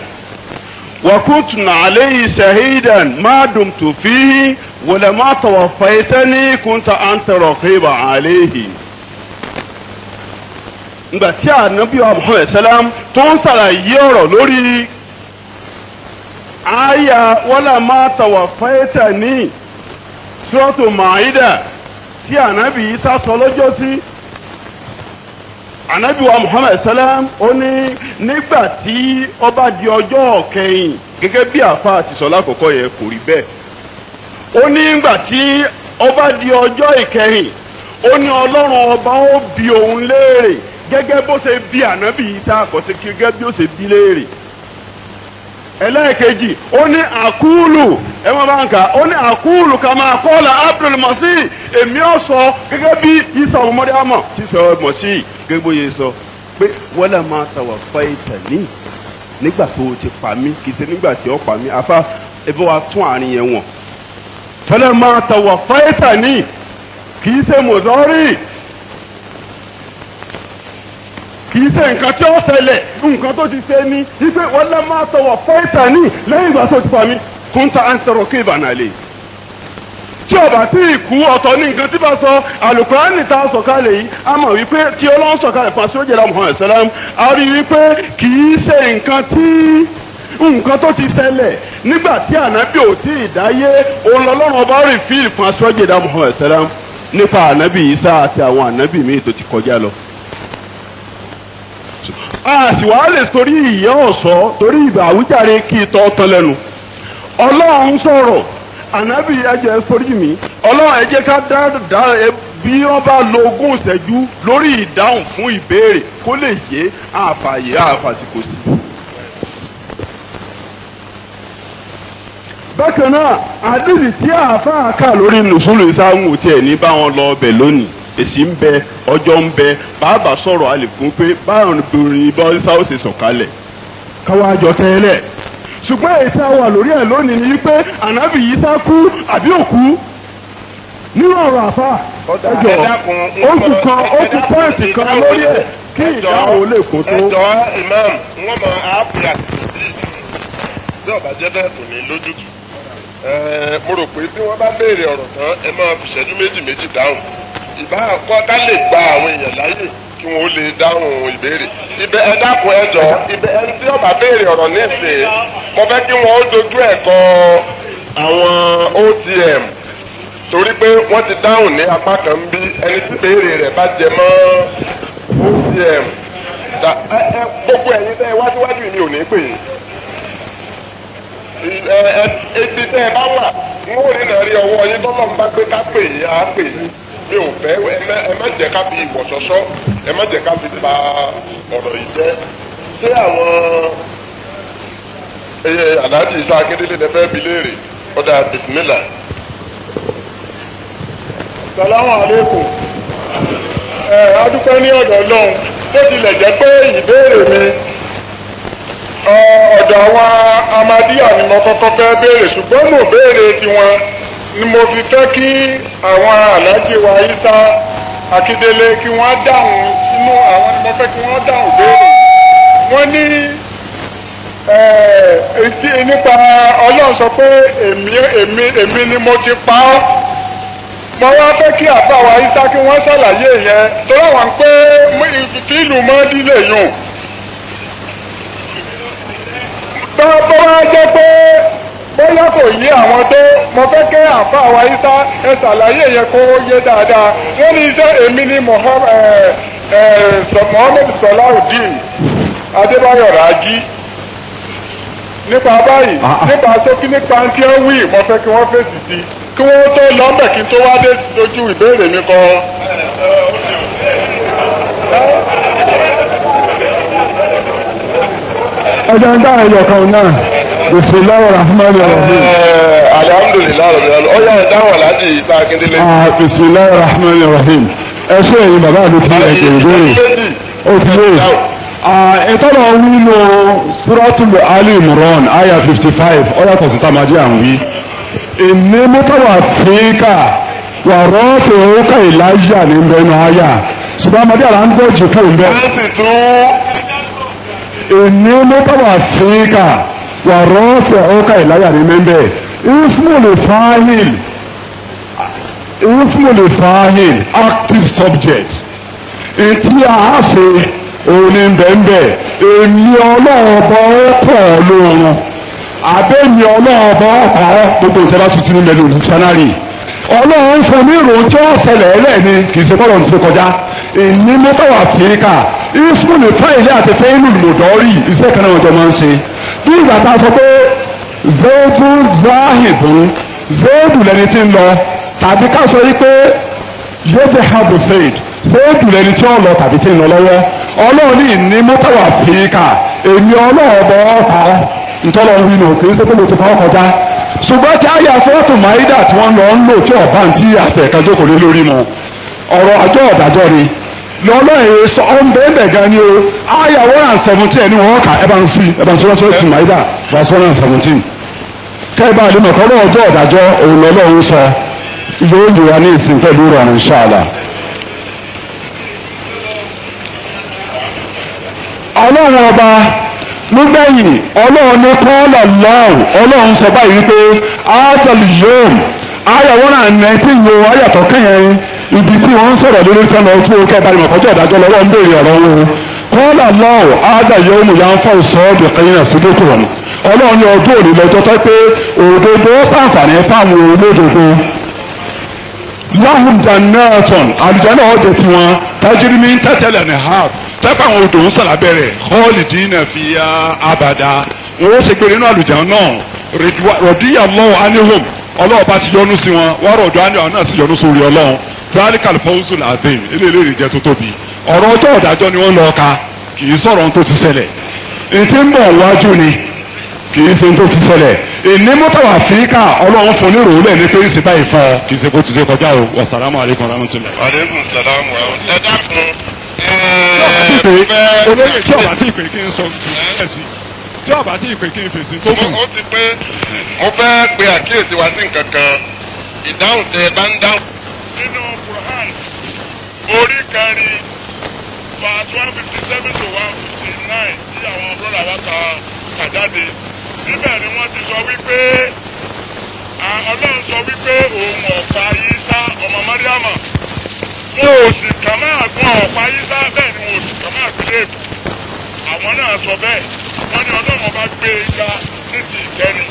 وكنت عليه شهيدا ما دمت فيه ولما توفيتني كنت أنت رقيبا عليه ngbàtí ànábì wa Muhammad salam tó ń ṣàlàyé ọ̀rọ̀ lórí aya wala ma tawafaita ni suratu maida tí anabi isa sọ lọ́jọ́ sí anabi wa muhammad salam ó ní nígbà tí ó bá di ọjọ́ kẹyìn gẹ́gẹ́ bí àfa àti sọlá àkọ́kọ́ yẹ kò rí bẹ́ẹ̀ ó ní nígbà tí ó di ọjọ́ ìkẹyìn ó ní ọlọ́run ọba ó bi òun léèrè gẹ́gẹ́ bó ṣe bi anabi isa kò sí gẹ́gẹ́ bí ó ṣe bi léèrè. ẹlẹ́ẹ̀kejì ó ní àkúlù ẹ mọ bá ń kà ó ní àkúlù ká máa kọ́lá abdul masi èmi ò sọ gẹ́gẹ́ bí isa ọmọdé àmọ̀ tí sọ mọ̀sí gẹ́gẹ́ bóyá sọ pé wọ́lá máa tàwà fáìtà ní nígbà tó o ti pa mí kì í ṣe nígbà tí ó pa mí afá ẹbí wa tún àárín yẹn wọ̀n fẹ́lẹ́ máa tàwà fáìtà ní kì í ṣe mọ̀dọ́rì kì í ṣe nǹkan tí ó ṣẹlẹ̀ nǹkan tó ti ṣe ni wípé wọ́n lè máa tọwọ́ fọ́ìtà ní lẹ́yìn ìgbà tó ti fà mí kún ta à ń tọrọ kí ìbànà lè. tí ọba tí ìkú ọ̀tọ̀ ní nǹkan tí bá sọ àlùkùránì tá a sọ̀kalẹ̀ yìí a mọ̀ wípé tí ọlọ́run sọ̀kalẹ̀ fún asọ́jẹ́lá Muhammad salam a rí wípé kì í ṣe nǹkan tí nǹkan tó ti ṣẹlẹ̀ nígbà tí ànábì ò tí ì dáyé òun lọ́lọ́run ọba rí fíìlì fún asọ́jẹ́lá Muhammad salam nípa ànábì Ìsá àti àwọn ànábì míì tó ti kọjá lọ a sì wá lè torí ìyá ọ̀sọ́ torí ìgbà àwíjàre kí itọ́ tán lẹ́nu ọlọ́run sọ̀rọ̀ ànábì ẹ̀jẹ̀ forí mi ọlọ́run ẹ jẹ́ ká dá dá bí wọ́n bá lo ogún ìṣẹ́jú lórí ìdáhùn fún ìbéèrè kó lè yé àfààyè àfàsìkò sí. bákan náà àdìsí tí àáfàá kà lórí nùsùlùmí sáwọn ò tiẹ̀ ní bá lọ ọbẹ̀ lónìí. èsì ń bẹ ọjọ́ ń bẹ bàbá sọ̀rọ̀ a fún pé báwọn obìnrin bá ṣá ó ṣe sọ̀kalẹ̀ káwá jọ ṣùgbọ́n èyí tá a wà lórí ẹ̀ lónìí ni pé ànábì yìí tá kú àbí òkú nínú ọ̀rọ̀ àfa ẹjọ́ oṣù kan oṣù pọ́ǹtì kan lórí ẹ̀ kí ìdáhùn ó lè kó tó. ẹjọ́ imam wọn mọ àápùlà tí ọ̀bàjẹ́ bẹ́ẹ̀ kò ní lójútùú mo rò pé bí wọ́n bá béèrè ọ̀rọ̀ tán ẹ máa fi méjì méjì dáhùn. ìbá àkọ́ ká lè gba àwọn èèyàn láyè kí wọn ó lè dáhùn ìbéèrè ibẹ ẹ dákun ẹ jọ ibẹ ẹ tí ọba béèrè ọ̀rọ̀ nísìnyí mo fẹ́ kí wọn ó dojú ẹ̀kọ́ àwọn OTM torí pé wọ́n ti dáhùn ní apá kan bí ẹni tí béèrè rẹ̀ bá jẹ mọ́ OTM gbogbo ẹ̀yin tẹ́ wájúwájú mi ò ní pè é ibi tẹ́ ẹ bá wà n ó rìnnà rí ọwọ́ yín tọ́lọ́ ń bá gbé ká pè é á pè é mi ò fẹ́ ẹ má jẹ́ ká fi ìwọ̀ sọ́sọ́ ẹ má jẹ́ ká fi ba ọ̀rọ̀ yìí jẹ́ ṣé àwọn ẹyẹ aláàjì isa akíndélé lè fẹ́ bi léèrè ọ̀dà bisimilà. sàlámù aleykum ẹ adúpẹ́ ní ọ̀dọ̀ ọlọ́run bó tilẹ̀ jẹ́ pé ìbéèrè mi ọ̀dọ̀ àwọn amadíyà ni mo kọ́kọ́ fẹ́ béèrè ṣùgbọ́n mo béèrè tiwọn ni mo fi fẹ́ kí àwọn aláàjì wa yìí ta Akíndélé kí wọ́n dáhùn sínú àwọn ni mo fẹ́ kí wọ́n dáhùn béèrè wọ́n ní nípa Ọlọ́run sọ pé èmi ni mo ti pa ọ́ mo wá fẹ́ kí àbá wa yìí ta kí wọ́n ṣàlàyé yẹn tó láwọn pé kí ìlú mọ́ọ́dí lè yùn tọ́ bọ́ wá jẹ́ pé bóyá kò yí àwọn tó mo fẹ́ kẹ́ àfa àwa isa ẹ ṣàlàyé yẹn kó yé dáadáa wọ́n ní iṣẹ́ èmi ni mohammed salawudeen adébáyọ̀ rájí nípa báyìí ah. nípa sókí nípa tí ó wí mo fẹ́ kí wọ́n fèsì sí kí wọ́n tó lọ́bẹ̀ kí n tó wá dé dojú ìbéèrè mi kọ. ẹ̀jẹ̀ ń dá ẹ̀yọ̀ kan náà bisimilahi rahman rahim. Eh, alhamdulilayi rahman ọyọ ìdáhùn aláàjì isa akindele. bisimilahi rahman rahim ẹ ah, ṣe èyí bàbá mi ti ẹgbẹ ìbéèrè ó ti lè ìtọ́lọ̀ ah, wílò suratul ali imran aya fifty five ọ̀yàtọ̀ sí tamadi à ń wí. ìní mọ́tàwá fíkà wà rọ́ọ̀fù òkà ìláyà ní bẹ́ẹ̀nu aya ṣùgbọ́n amadi àrà ń gbọ́ jù fún un bẹ́ẹ̀. ìní mọ́tàwá fíkà wà rọ́ọ̀fẹ̀ ọkà ìláyà ní mẹ́mbẹ́ ismul fahil ismul fahil active subject etí àáṣe òní bẹ́ẹ̀nbẹ́ èmi ọlọ́ọ̀bọ ọkọ̀ lóorun àbẹ́mi ọlọ́ọ̀bọ ọkọ̀ gbogbo ìjọba tuntun nílẹ̀ lórí sanari ọlọ́run fún mi ìròyìn tí wọ́n ṣẹlẹ̀ ẹlẹ́ni kì í ṣe bọ́lọ̀ ní ṣe kọjá èmi mọ́tò wà fìríkà ismul fahil àti fẹ́ẹ́lù lòdọ́rì iṣẹ́ kan náà wọ́n jọ máa ń ṣe bí ìgbà tá a sọ pé zéèdù záhìbùn zéèdù lẹni tí ń lọ tàbí ká sọ yí pé yébè habu zéèdù zéèdù lẹni tí ó lọ tàbí tí ń lọ lọ́wọ́ ọlọ́run ní ní mọ́tàwá fìkà èmi ọlọ́run bọ́ ọ̀pá ntọ́lọ́ ń wínú kì í ṣe pé mo ti fọ́ kọjá ṣùgbọ́n tí àyà sọ́ọ̀tù máídà tí wọ́n lọ ń lò tí ọ̀bá ń tí àtẹ̀kájókòó lé lórí mu ọ̀rọ̀ àjọ ọ̀dàjọ́ ni lọ́lọ́ ẹ̀yẹ sọ ọ́n bẹ́ẹ̀ bẹ́ẹ̀ gan ni o àyà one and seventeen ẹni wọ́n kà ẹ bá ń fi ẹ bá ń sọ́wọ́sọ́ tù máa ibà verse one and seventeen kẹ́ẹ̀bá àdé mọ̀kọ́ lọ́wọ́ ọjọ́ ọ̀dàjọ́ òun lọ́lọ́run sọ yóò jù wá ní ìsìn pẹ̀lú ìrọ̀rùn ṣáàlà. ọlọ́run ọba nígbẹ̀yìn ọlọ́run ní kọ́ọ̀lá lọ́rùn ọlọ́run sọ báyìí pé áátọ̀lì yóò àyà one and nineteen yóò àyàtọ̀ kẹ́yìn ibi tí wọ́n ń sọ̀rọ̀ lórí tẹ́lọ fún orúkọ balùwẹ̀ kọjá ìdájọ́ lọ́wọ́ ń béèrè ọ̀rọ̀ wọn kọ́lá lọ́wọ́ àdàyẹ ohun ìyá ń fọ́ ìsọ́ọ̀dù kẹyìn àsìkò kùrọ̀nù ọlọ́run ní ọdún òní lọ́jọ́ tẹ́ pé òdodo sàǹfààní fáwọn olódodo lahum jannatun àlùjáná ọdẹ tiwọn tajirimi tẹtẹlẹ ní haf tẹpẹ àwọn odò ń sàlábẹrẹ khalidina fiya abada wọn ṣe gbére inú àlùjáná náà rọdíyà lọ́wọ́ anihom ọlọ́ọ̀bá ti yọ́nú sí wọn wọ́n rọ̀dọ̀ àníwá náà sì yọ́nú sórí ọlọ́run zalikal fawzul azim eléyìí jẹ́ tó tóbi ọ̀rọ̀ ọjọ́ ọ̀dájọ́ ni wọ́n lọ ka kì í sọ̀rọ̀ tó ti ṣẹlẹ̀ ètí ń bọ̀ wájú ni kì í ṣe tó ti ṣẹlẹ̀ ìní mọ́tàwá fíkà ọlọ́run fún nírò lẹ̀ ní pé ń ṣe báyìí fún ọ kì í ṣe kó ti ṣe kọjá o wa salamu aleykum rahmatulah. aleykum salaam wa rahmatulah. ẹ dákun. olóyè tí ọba tí ìpè kí n sọ fèsì tí ọba tí ìpè kí n fèsì tó kù. ó ti pé mo fẹ́ pe àkíyèsí wa sí nǹkan kan ìdáhùn tẹ bá ń dáhùn orí kẹrin verse one fifty seven to one fifty nine tí àwọn brọ́dà wa ta kà jáde níbẹ̀ ni wọ́n ti sọ wípé ọlọ́run sọ wípé òun ọ̀pá yíṣá ọmọ mọ́ríàmà wọn ò sì kà máa gbọ́n ọ̀pá yíṣá bẹ́ẹ̀ ni wọn ò sì kà máa gbélé èkó àwọn náà sọ bẹ́ẹ̀ wọ́n ní ọlọ́run ọba gbé e ga ní ti ìkẹrin.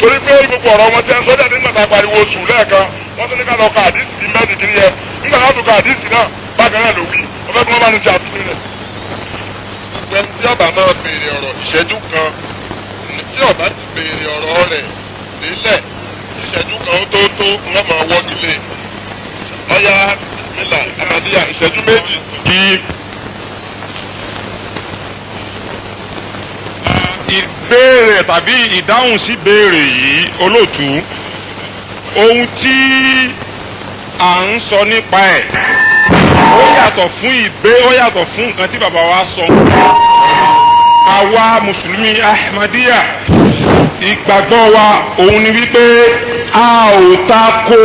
torí pé gbogbo ọ̀rọ̀ wọn tẹ́ ń sọ́jà nígbà tá pariwo sùn lẹ́ẹ̀kan wọ́n tún ní ká lọ ka àdìsí mẹ́rìndínlẹ́ yẹn nígbà láti ka àdìsí náà bákan náà ló wí ọ̀fẹ́ kí wọ́n bá ní ti àtúnṣe rẹ̀. pẹ̀lú tí ọba máa béèrè ọ̀rọ̀ ìṣẹ́jú kan tí ọba ti béèrè ọ̀rọ̀ rẹ̀ nílẹ̀ ìṣẹ́jú kan tó tó wọ́n máa wọ́gilé ọ̀yá mílà ìbéèrè tàbí ìdáhùn sí béèrè yìí olóòtú ohun tí à ń sọ nípa ẹ̀ ó yàtọ̀ fún ìbé ó yàtọ̀ fún nǹkan tí bàbá wa sọ àwa mùsùlùmí ahmadiyya ìgbàgbọ́ wa òun ni wípé a ò ta ko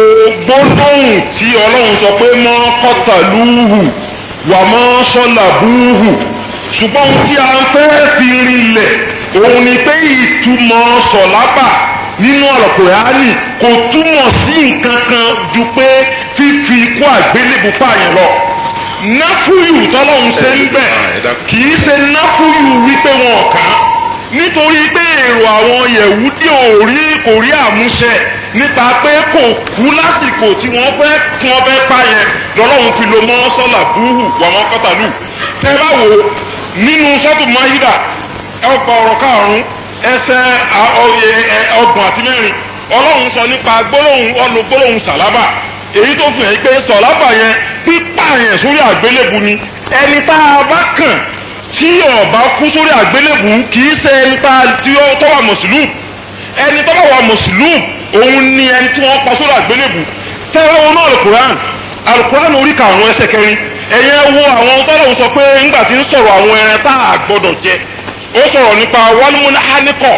gbólóhùn tí ọlọ́run sọ pé mọ́ kọ́tàlúhù wà mọ́ sọ́làbúhù ṣùgbọ́n ohun tí a fẹ́ fi rinlẹ̀ òun ni pé ìtumọ̀ sọ̀lábà nínú ọ̀rọ̀ kòránì kò túmọ̀ sí nǹkan kan ju pé fífi ikú àgbélébù pààyàn lọ náfúyù tọ́lọ́hún ṣe ń bẹ̀ kì í ṣe náfúyù wípé wọn kà á nítorí pé èrò àwọn yẹ̀wúdí ò rí kò rí àmúṣẹ nípa pé kò kú lásìkò tí wọ́n fẹ́ kí wọ́n fẹ́ pààyàn lọ́lọ́hún fi lo mọ́ sọ́là búhù wàmọ́ kọ́tàlù tẹ́ bá wò nínú sọ́tù máyídà ọgbà ọ̀rọ̀ karùn-ún ẹsẹ̀ ọgbọ̀n àti mẹ́rin ọlọ́run sọ nípa gbólóhùn ọlùgbólóhùn sàlábà èyí tó fi hàn pé sọ̀lábà yẹn pípa yẹn sórí àgbélébù ni ẹni tá a bá kàn tí ọba kú sórí àgbélébù kì í ṣe ẹni tá a ti tọ́wà mùsùlùm ẹni tọ́wà wà mùsùlùm òun ni ẹni tí wọ́n pa sórí àgbélébù tẹ́lẹ̀ wọn náà alukuran alukuran orí karùn-ún ẹsẹ̀ kẹrin ẹ̀yẹ wo àwọn tọ́lọ̀ sọ pé ńgbà tí ń sọ̀rọ̀ àwọn ẹran tá a gbọ́dọ̀ jẹ ó sọ̀rọ̀ nípa wọ́límù hánikọ̀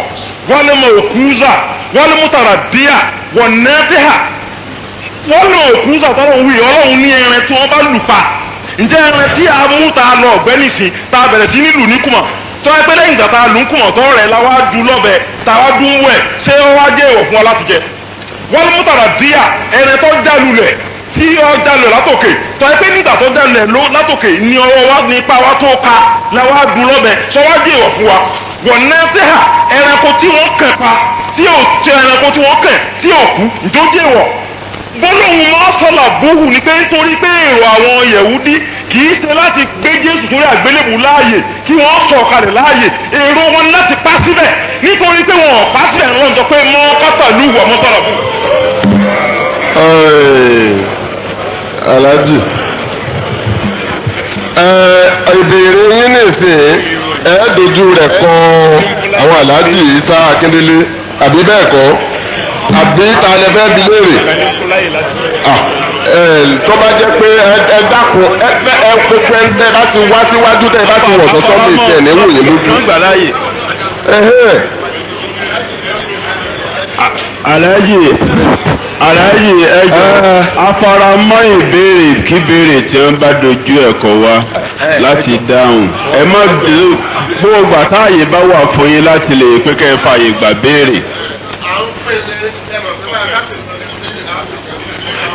wọ́límù òkúzà wọ́límù tàràdíà wọ̀nẹ́díà wọ́límù òkúzà tọ́lọ̀ wí ọlọ́run ní ẹran tí wọ́n bá lù pa ǹjẹ́ ẹran tí a mú ta lọ ọ̀gbẹ́ni sí ta bẹ̀rẹ̀ sí nílùú ní kùmọ̀ tọ́ ẹ pé lẹ́yìn tàta lù ń kùmọ̀ tọ́ rẹ̀ la wá du lọ́bẹ̀ ta wá dún wẹ̀ ṣé ó wá jẹ́ ìwọ̀ fún wa láti jẹ wọ́límù tàràdíà ẹran tó já lulẹ̀ tí ọ dalẹ̀ látòkè tọ́ ẹ pé nígbà tó dalẹ̀ ló látòkè ní ọwọ́ wa ní ipa wa tó ka la wa dùn lọ́bẹ̀ sọ wá dé ìwọ̀ fún wa wọ̀n náà tẹ́ hà ẹranko tí wọ́n kàn pa tí ò tẹ ẹranko tí wọ́n kàn tí ò kú ìdójú ìwọ̀ bọ́lọ́hún máa sọ̀là bóhù ni pé nítorí pé èrò àwọn yẹ̀wúdí kì í ṣe láti gbé jésù sórí àgbélébù láàyè kí wọ́n sọ̀kalẹ̀ láàyè èrò wọn láti pa síbẹ̀ nítorí pé wọn ò pa síbẹ̀ ńlọ́njọ́ pé mọ́ kátàlú wọ̀ mọ́ sọ̀rọ̀ bù aláàjì ìbéèrè yín nìsín ẹ dojú rẹ̀ kọ àwọn aláàjì Isa Akíndélé àbí bẹ́ẹ̀ kọ́ àbí ta lẹ fẹ́ bi léèrè tó bá jẹ́ pé ẹ dákun ẹ pẹpẹ tẹ bá ti wá síwájú tẹ bá ti wọ̀ sọ́sọ́ mi ìṣẹ̀ ní wòye lójú aláàjì aláàjì ẹjọ ah. afaramọ ìbéèrè kí tí wọn bá dojú ẹkọ wa láti dáhùn ẹ má gbóògbà táàyè bá wà fún yín láti lè pé kẹ́ ẹ fààyè gbà béèrè.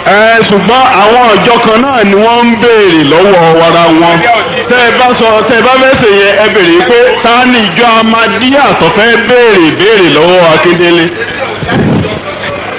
ẹ ṣùgbọ́n àwọn ọjọ́ kan náà ni wọ́n ń béèrè lọ́wọ́ wara wọn tẹ́ ẹ bá sọ tẹ́ ẹ bá fẹ́ yẹn ẹ béèrè pé ta ni ìjọ amadíyà tó fẹ́ béèrè béèrè lọ́wọ́ akíndélé.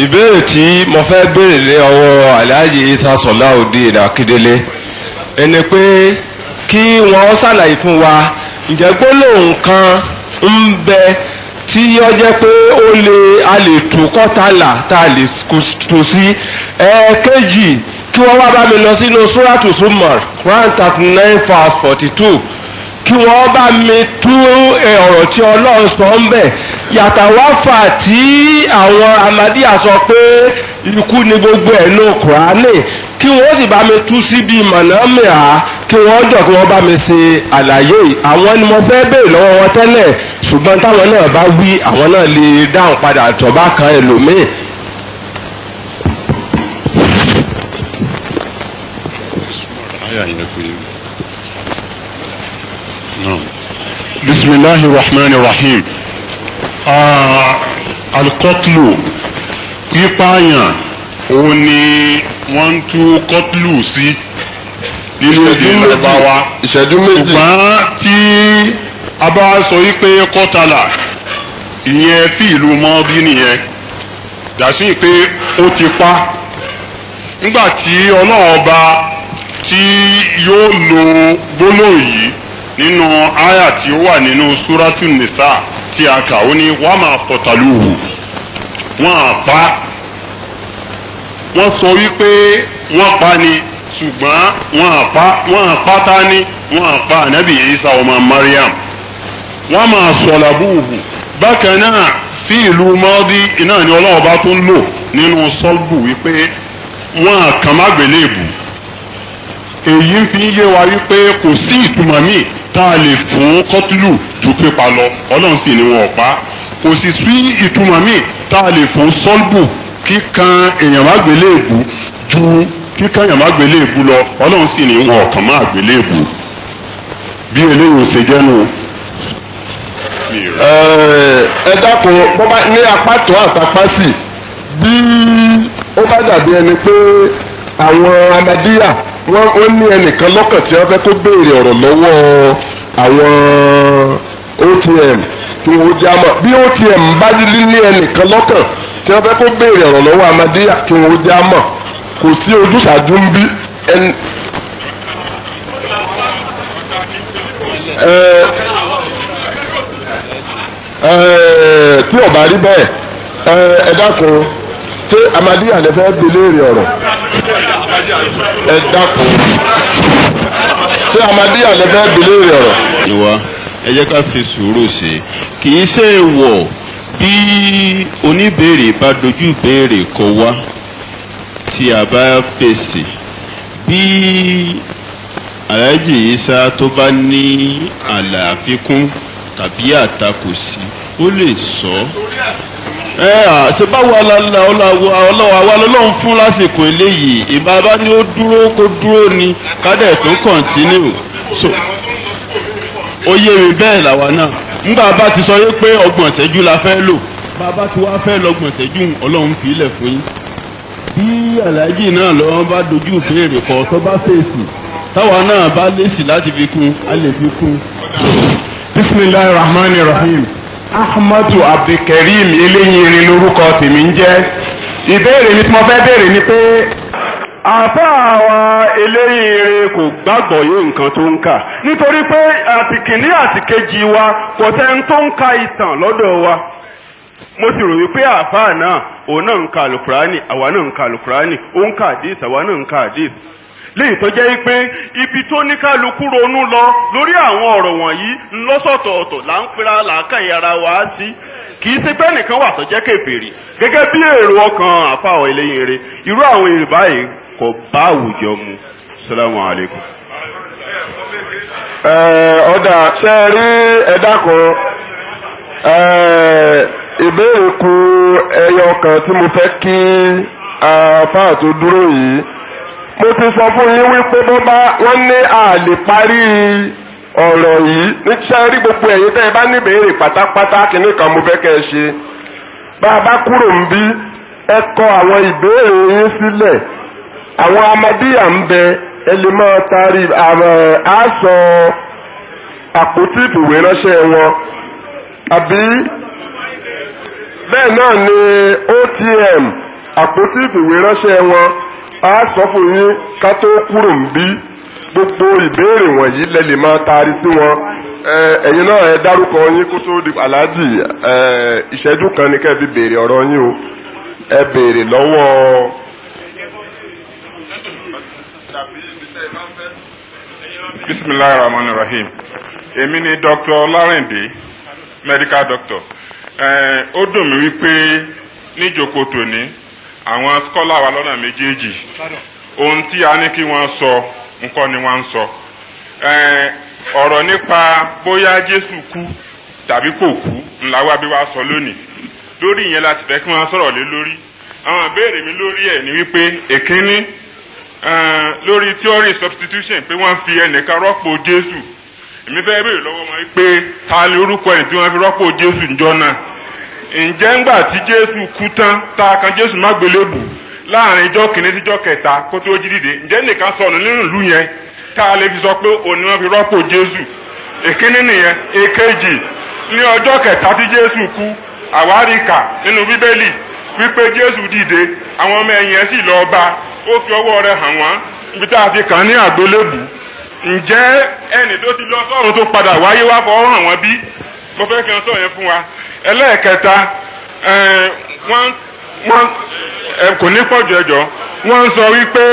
ìbéèrè tí mo fẹ́ béèrè lé ọwọ́ aláàjì isa sọláòdì ìdákidélé ẹni pé kí wọ́n ṣàlàyé fún wa ǹjẹ́ gbólóhùn kan ń bẹ tí ó jẹ́ pé ó lè a lè tún kọ́tàlà tá a lè tò sí ẹ̀ẹ́kejì kí wọ́n wá bá mi lọ sínú suratu sumar one thirty nine verse forty two kí wọ́n bá mi tú ọ̀rọ̀ tí ọlọ́run sọ ń bẹ̀ yàtàwáfà tí àwọn Ahmadiyya sọ pé ikú ni gbogbo ẹ̀ ní Kùránì kí wọ́n sì bá mi tú síbi mọ̀nàmìà kí wọ́n jọ kí wọ́n bá mi ṣe àlàyé àwọn ni mo fẹ́ béèrè lọ́wọ́ wọn tẹ́lẹ̀ ṣùgbọ́n táwọn náà bá wí àwọn náà lè dáhùn padà tọ́ba kan ẹlòmíì. بسم الله الرحمن الرحيم alikọ́tìlù pípààyàn òun ni wọ́n ń tú kọ́tìlù sí nínú èdè wa. ṣùgbọ́n tí a bá sọ yí kọtala. ìyẹn fi ìlú mọ́ bí nìyẹn dàsí pé ó ti pa nígbà tí ọba tí yóò lo gbólóhùn yìí nínú àyà tí ó wà nínú tí a kà ó ní wàá máa pọ̀tàlùwù wọ́n á pa wọ́n sọ wípé wọ́n pa ni ṣùgbọ́n wọ́n á pa wọ́n á pa ta ni wọ́n á pa ànábì Isa ọmọ Mariam wọ́n máa sọ̀làbùwù bákan náà fi ìlú mọ́ọ́dí iná ni ọlọ́wọ́ bá tún lò nínú sọ́ọ̀bù wípé wọ́n á kàn má gbélébù èyí ń fi yé wa wípé kò sí ìtumọ̀ míì tá a lè fún kọ́tùlù ju pípa lọ ọlọ́run sì ni wọn ò pa kò sì sí ìtumọ̀ míì tá a lè fún sọ́lbù kíkan èèyàn má gbélé èbú ju kíkan èèyàn má gbélé èbú lọ ọlọ́run sì ni wọn ọ̀kan má gbélé èbú bí eléyìí ò ṣe jẹ́nu. ẹ dákun bó bá ní apá tó àtàpá sí bí ó bá dàbí ẹni pé àwọn amadíyà wọn ó ní ẹnìkan lọkàn tí wọ́n fẹ́ kó béèrè ọ̀rọ̀ lọ́wọ́ àwọn otm kí wọ́n já mọ̀ bí otm bá ní ẹnìkan lọkàn tí wọ́n fẹ́ kó béèrè ọ̀rọ̀ lọ́wọ́ amadíyà kí wọ́n já mọ̀ kò sí ojúṣàájú ń bí ẹni. tí ọba rí bẹ́ẹ̀ ẹ dákun ṣé amadíyà lè fẹ́ béèrè ọ̀rọ̀. ẹ dákun ṣé amadíyà lè fẹ́ bi léèrè ọ̀rọ̀. ìwà ẹ jẹ́ ká fi sùúrù sí i kì í ṣe é wọ̀ bí oníbèrè bá dojú ìbéèrè kọ wá tí a bá fèsì bí aláàjì Ìsá tó bá ní àlàáfíkún tàbí àtakò sí ó lè sọ ọ́ ẹ à ṣe báwo alala ọlọ́wọ́ àwa lọ́lọ́run fún lásìkò eléyìí ìbára ni ó dúró kó dúró ni kádẹ̀ tó kọ̀ǹtínú so ó yé mi bẹ́ẹ̀ làwa náà nígbà bá ti sọ pé ọgbọ̀n ṣẹ́jú la fẹ́ lò bàbá tí wàá fẹ́ lọ́gbọ̀n ṣẹ́jú ọlọ́run fi ilẹ̀ fún yín bí aláàjì náà lọ́wọ́ bá dojú ìbéèrè kan tó bá fèsì táwa náà bá lèsì láti fi kún a lè fi kún. bismillahir rahmanir rahim. ahmadu abdulkareem eléyìnrin lórúkọ tèmi ń jẹ́ ìbéèrè mi tí mo fẹ́ béèrè ni pé àfa àwa eléyìnrin kò gbàgbọ́ yé nǹkan tó ń kà nítorí pé àtìkìní àtìkejì wa kò sẹ́ni tó ń ka ìtàn lọ́dọ̀ wa mo sì rò wípé àfa náà òun náà ń ka alukurani àwa náà ń ka alukurani ó ń ka àdìs àwa náà ń ka àdìs léyìí tó jẹ́ pé ibi tó ní kálukú ronú lọ lórí àwọn ọ̀rọ̀ wọ̀nyí ńlọ́sọ̀tọ̀ọ̀tọ̀ là ń pera làákàyè ara wa sí kì í ṣe pé nìkan wà tó jẹ́ kèfèrí gẹ́gẹ́ bí èrò ọkàn àfàwọ̀ eléyìí rẹ irú àwọn èrò báyìí kò bá àwùjọ mu salamu alaykum. ẹ ọ̀dà ṣe é rí ẹ̀dá kan ìbéèrè ku ẹyọ kan tí mo fẹ́ kí àfáà tó dúró yìí mo ti sọ fún yín wípé bó bá wọ́n ní àlè parí ọ̀rọ̀ yìí níṣẹ́ rí gbogbo ẹ̀yin tẹ́ ẹ bá níbèrè pátápátá kìíní kan mo fẹ́ kẹ́ ẹ ṣe bá a bá kúrò ń bí ẹ kọ àwọn ìbéèrè yín sílẹ̀ àwọn amadíyà ń bẹ ẹ lè máa taari àṣọ àpótí ìbùwé ránṣẹ́ wọn àbí bẹ́ẹ̀ náà ni OTM àpótí ìbùwé ránṣẹ́ wọn. a sọ fún yín ká tó kúrò ń bí gbogbo ìbéèrè wọ̀nyí lẹ lè máa taari sí wọn ẹ̀yin náà ẹ dárúkọ yín kó tó di aláàjì kan ní kẹ́ fi béèrè ọ̀rọ̀ yín o ẹ béèrè lọ́wọ́. bisimilahi rahim èmi ni dr medical doctor ó dùn mí wípé àwọn skọ́là wa lọ́nà méjèèjì ohun tí a ní kí wọ́n sọ ńkọ́ ni wọ́n ń sọ ọ̀rọ̀ nípa bóyá Jésù kú tàbí kò kú ńlá wa bí wàá sọ lónìí lórí ìyẹn láti fẹ́ kí wọ́n sọ̀rọ̀ lé lórí àwọn ìbéèrè mi lórí ẹ̀ ni wípé èkínní lórí theory substitution pé wọ́n fi ẹnìkan rọ́pò Jésù èmi fẹ́ béèrè lọ́wọ́ wọn pé ta ni orúkọ ẹni tí wọ́n fi rọ́pò Jésù ńjọ́ náà. ǹjẹ́ ńgbà tí jésù kú tán tá kan jésù má gbélébù láàrin ijọ́ kìíní síjọ́ kẹta kó tó jí dìde ǹjẹ́ nìkan sọnù nínú ìlú yẹn tá a lè fi sọ pé òní wọn fi rọ́pò jésù èkíní nìyẹn èkejì ní ọjọ́ kẹta tí jésù kú àwárí kà nínú bíbélì wípé jésù dìde àwọn ọmọ ẹ̀yìn ẹ̀ sì lọ bá ó fi ọwọ́ rẹ hàn wọ́n ibi tá a fi kàn ní àgbélébù ǹjẹ́ ẹnì tó ti lọ sọ́run tó padà wáyé wá fọwọ́ hàn wọ́n bí mo fẹ́ kí n sọ yẹn fún wa ẹlẹ́ẹ̀kẹta wọ́n wọ́n kò ní pọ̀jù ẹjọ́ wọ́n ń sọ wípé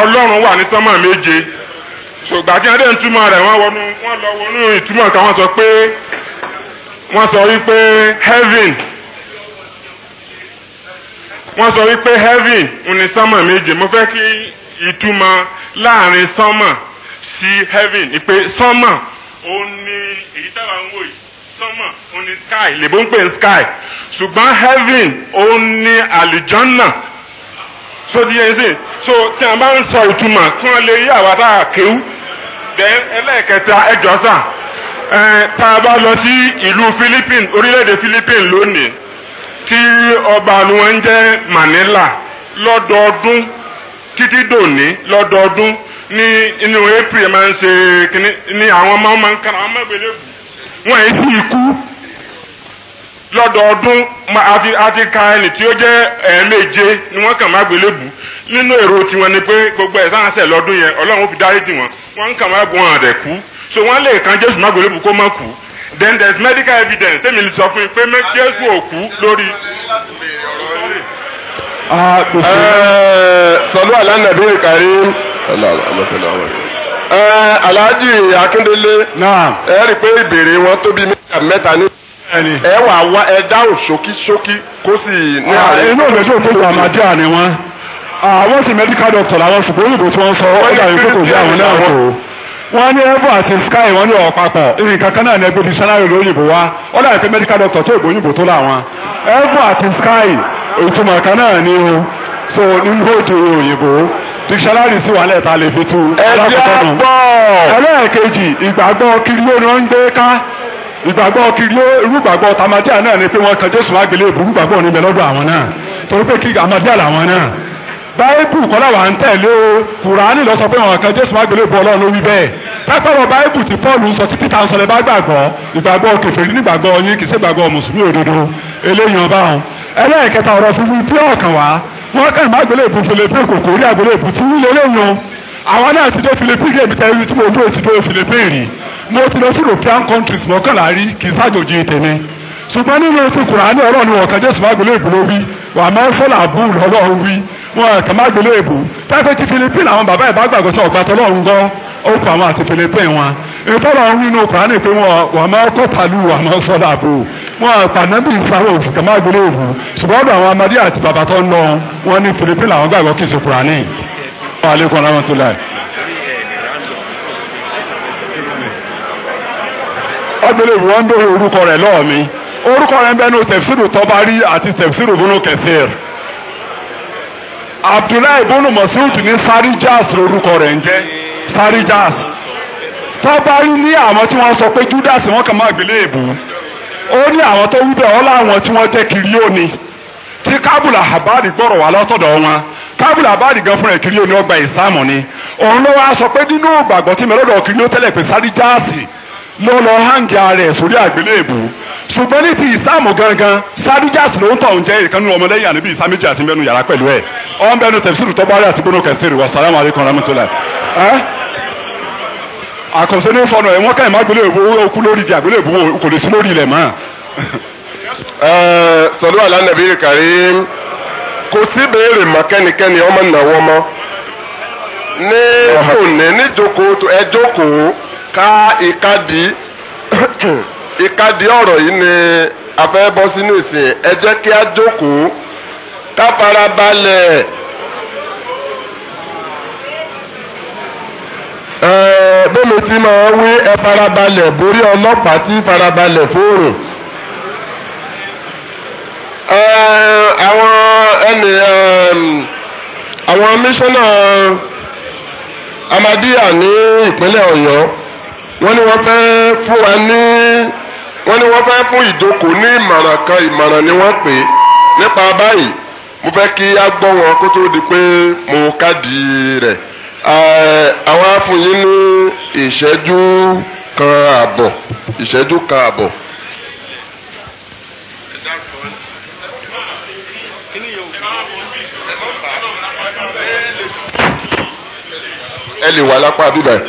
ọlọ́run wà ní sánmà méje ṣùgbọ́n àti ẹ̀dẹ̀ ìtumọ̀ rẹ̀ wọ́n wọnú wọ́n lọ wọnú ìtumọ̀ kan wọ́n sọ pé wọ́n sọ wípé heaven wọ́n sọ wípé heaven ní sánmà méje mo fẹ́ kí ìtumọ̀ láàrin sánmà sí heaven ìpè sánmà òun ni èyí táwa ń wò yìí sọ́mọ̀ òun ni sky lèbó ń pè ní sky ṣùgbọ́n heaven òun ni àlìjọ́nà so di yẹn sè so tí a bá ń sọ ìtumọ̀ kí wọ́n lè rí àwa tá a kéwú then ẹlẹ́ẹ̀kẹta ẹjọ́ sà tá a bá lọ sí ìlú Philippines orílẹ̀-èdè Philippines lónìí tí ọba ni wọ́n ń jẹ́ Manila lọ́dọọdún títí dòní lọ́dọọdún ní inú april máa ń ṣe kíní ní àwọn ọmọ máa ń kára àwọn ọmọ ìbẹ̀lẹ̀ kù wọ́n ẹ̀ sì kú lọ́dọọdún àti àti ka ẹni tí ó jẹ́ ẹ̀ẹ́mẹ́je ni wọ́n kàn máa gbélé bù nínú èrò ni pé gbogbo ẹ̀ sáhàṣẹ̀ lọ́dún yẹn ọlọ́run fi dáríjì wọn wọ́n kàn máa bu wọn rẹ̀ kú so wọ́n lè kan jésù má gbélé bù kó má kú then there's medical evidence tèmi lè sọ fún mi pé jésù ò kú lórí ah, eh, sọlú àlànà bí ìkàrí alhaji akindele ẹ rí i pé ìbéèrè wọn tóbi mẹ́ta ní ẹ wà wá ẹ dáhùn ṣókíṣókí kó sì ní ah, àárẹ̀. inú òde tó gbogbo àmàdíà ni wọn àwọn ah, sì làwọn òyìnbó tí wọ́n sọ kò bí àwọn náà ní àti sky ní náà ní ẹgbẹ́ medical doctor tó ìgbóyìnbó tó làwọn àti sky ìtumọ̀ kan náà so nínú èdè òyìnbó dictionary sì wà lẹ́ẹ̀ta lè fi tu alákọ̀ọ́nù. ẹlẹ́ẹ̀kejì ìgbàgbọ́ kiriyó ni wọ́n ń gbé ká ìgbàgbọ́ kiriyó irú ìgbàgbọ́ tamadíà náà ni pé wọ́n kan jésù àgbélé ìbúrú níbẹ̀ lọ́dọ̀ àwọn náà torí pé kí amadíà làwọn náà. báyìbù kọ́lá wà ń tẹ̀lé o kùránì lọ sọ pé wọ́n kan jésù àgbélé ìbú ọlọ́run wí bẹ́ẹ̀ pápáwọ̀ báyìbù tí pọ́ọ̀lù sọ títí tá à ń sọ lẹ́ bá gbàgbọ́ ìgbàgbọ́ kèfèrí nígbàgbọ́ yín kì ṣègbàgbọ́ mùsùlùmí òdodo eléyìí ọba ọ̀hún ẹlẹ́ẹ̀kẹta ọ̀rọ̀ fífi tí ọ̀kan wá wọ́n kàn má gbélé ìbú Philippines kò kò rí àgbélé ìbú tí wúlò lóyún àwọn náà ti dé Philippines èmi tẹ́ ibi tí mo dúró ti dúró Philippines rí mo ti lọ sí European countries mọ́kànlá rí kì í ṣàjòjì tèmi ṣùgbọ́n nínú ti Kùránì ọ̀rọ̀ ni wọ́n kàn Jésù má gbélé ìbú ló wí wà máa ń fọ́lá bú lọ́lọ́run wí wọ́n kàn má gbélé ìbú táfẹ́ ti Philippines àwọn bàbá ìbá gbàgbọ́sọ̀ ọ̀gbàtọ́ lọ́run gan ó fà wọn àti pèlépè wọn ìbọ̀rọ̀ ọ̀hún inú Kùránì pé wọn wà máa kọ́ pàlú wà máa sọ́dà bò wọn pànẹ́bì ìfàwọ̀ òfin kà máa gbélé òhun ṣùgbọ́n ọ̀dọ̀ àwọn amadé àti bàbá tó ń lọ wọn ní pèlépè làwọn gbàgbọ́ kì í ṣe Kùránì. aleykum rahmatulahi. ọ̀gbẹ́lẹ̀ ìwọ́n ń bẹ̀rẹ̀ orúkọ rẹ̀ lọ́ọ̀ mi orúkọ rẹ̀ ń bẹ́ẹ̀ ní tẹ̀fsírù tọ́ba rí àti tẹ̀fsírù búnú kẹfẹ́rì abdullahi ibùnú masud ní sarijas lórúkọ rẹ̀ ń jẹ́ sarijas tọ́ba ní àwọn tí wọ́n sọ pé judas wọn kàn máa gbélé ìbò ó ní àwọn tó wí bẹ́ẹ̀ ọ́ láwọn tí wọ́n jẹ́ kiri ó ni tí kábùlà habari gbọ́rọ̀ wá lọ́tọ̀dọ̀ wọn kábùlà habari gan fúnra kiri ó ọgbà ìsáàmù ni òun ló wá sọ pé nínú ìgbàgbọ́ tí mẹ́lọ́dọ̀ kiri ó tẹ́lẹ̀ pé sarijas ló lọ ara sórí àgbélé ṣùgbọ́n ní ti ìsáàmù gangan sadijas ló ń tọ̀ ń jẹ́ ìkànnì ọmọlẹ́yìn àníbí ìsáméjì àti mẹ́nu yàrá pẹ̀lú ẹ̀ ọ̀n bẹ́nu tẹ̀síìrù tọ́gbárí àti gbónú kẹsìrì wà sàlámù aleykum rahmatulah. àkànṣe ní fọnà ẹ̀ wọ́n ká ìmá gbélé ìbò okú lórí ibi àgbélé ìbò kò lè sí lórí ilẹ̀ mọ́. sọlú alánàbí karim kò sí béèrè mọ́ kẹ́nikẹ́ni ọmọ nàwọ́ mọ́ ní òní níjókòó ẹjókòó ká ìkadì ìkadì ọ̀rọ̀ yìí ni a fẹ́ bọ́ sínú ìsìn ẹ jẹ́ kí a jókòó ká fara balẹ̀. bómi tí máa wí ẹ farabalẹ̀ borí ọlọ́pàá tí farabalẹ̀ fóòrùn. àwọn ẹnì àwọn mísọ́nà Amadiya ní ìpínlẹ̀ Ọ̀yọ́ wọ́n ní wọ́n fẹ́ fún wa ní wọ́n ní wọ́n fẹ́ fún ìdókò ní ìmọ̀ràn kan ìmọ̀ràn ni wọ́n pè é nípa báyìí mo fẹ́ kí a gbọ́ wọn kó tó di pé mo káàdì rẹ̀ àwọn afúnyín ní ìṣẹ́jú kan àbọ̀ ìṣẹ́jú kan àbọ̀. ẹ lè wà lápá bíbẹ̀.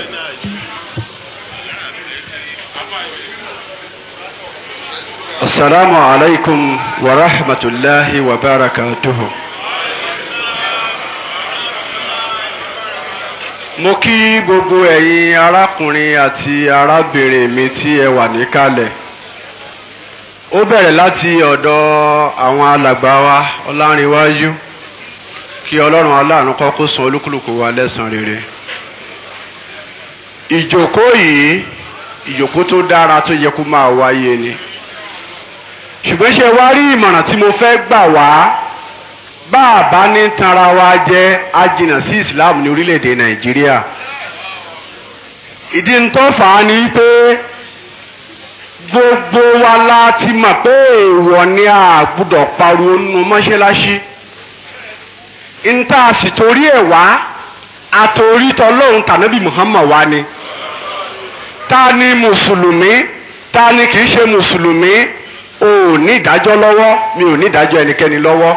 السلام عليكم ورحمة الله وبركاته mo kí gbogbo ẹ̀yin arákùnrin àti arábìnrin mi tí ẹ wà níkàlẹ̀ ó bẹ̀rẹ̀ láti ọ̀dọ̀ àwọn alàgbà wa ọlárìnwájú kí ọlọ́run aláàánú kọ́kọ́ san olúkúlùkù wa lẹ́san rere ìjókòó yìí ìjókòó tó dára tó yẹ kó máa wáyé ni. ṣùgbọ́n ṣe wá rí ìmọ̀ràn tí mo fẹ́ gbà wá bá a bá ní tanra wa jẹ́ ajìnà sí Islam ní orílẹ̀-èdè Nàìjíríà ìdí ń tọ́ fà á ní pé gbogbo wa la ti mọ̀ pé èèwọ̀ ni a gbúdọ̀ pariwo nínú mọ́ṣáláṣí ń tá a sì torí ẹ̀ wá àtòrí tọlọ́hun tànábì Muhammad wa ni ta ni mùsùlùmí ta ni kì í ṣe mùsùlùmí o ò ní ìdájọ́ lọ́wọ́ mi ò ní ìdájọ́ ẹnikẹ́ni lọ́wọ́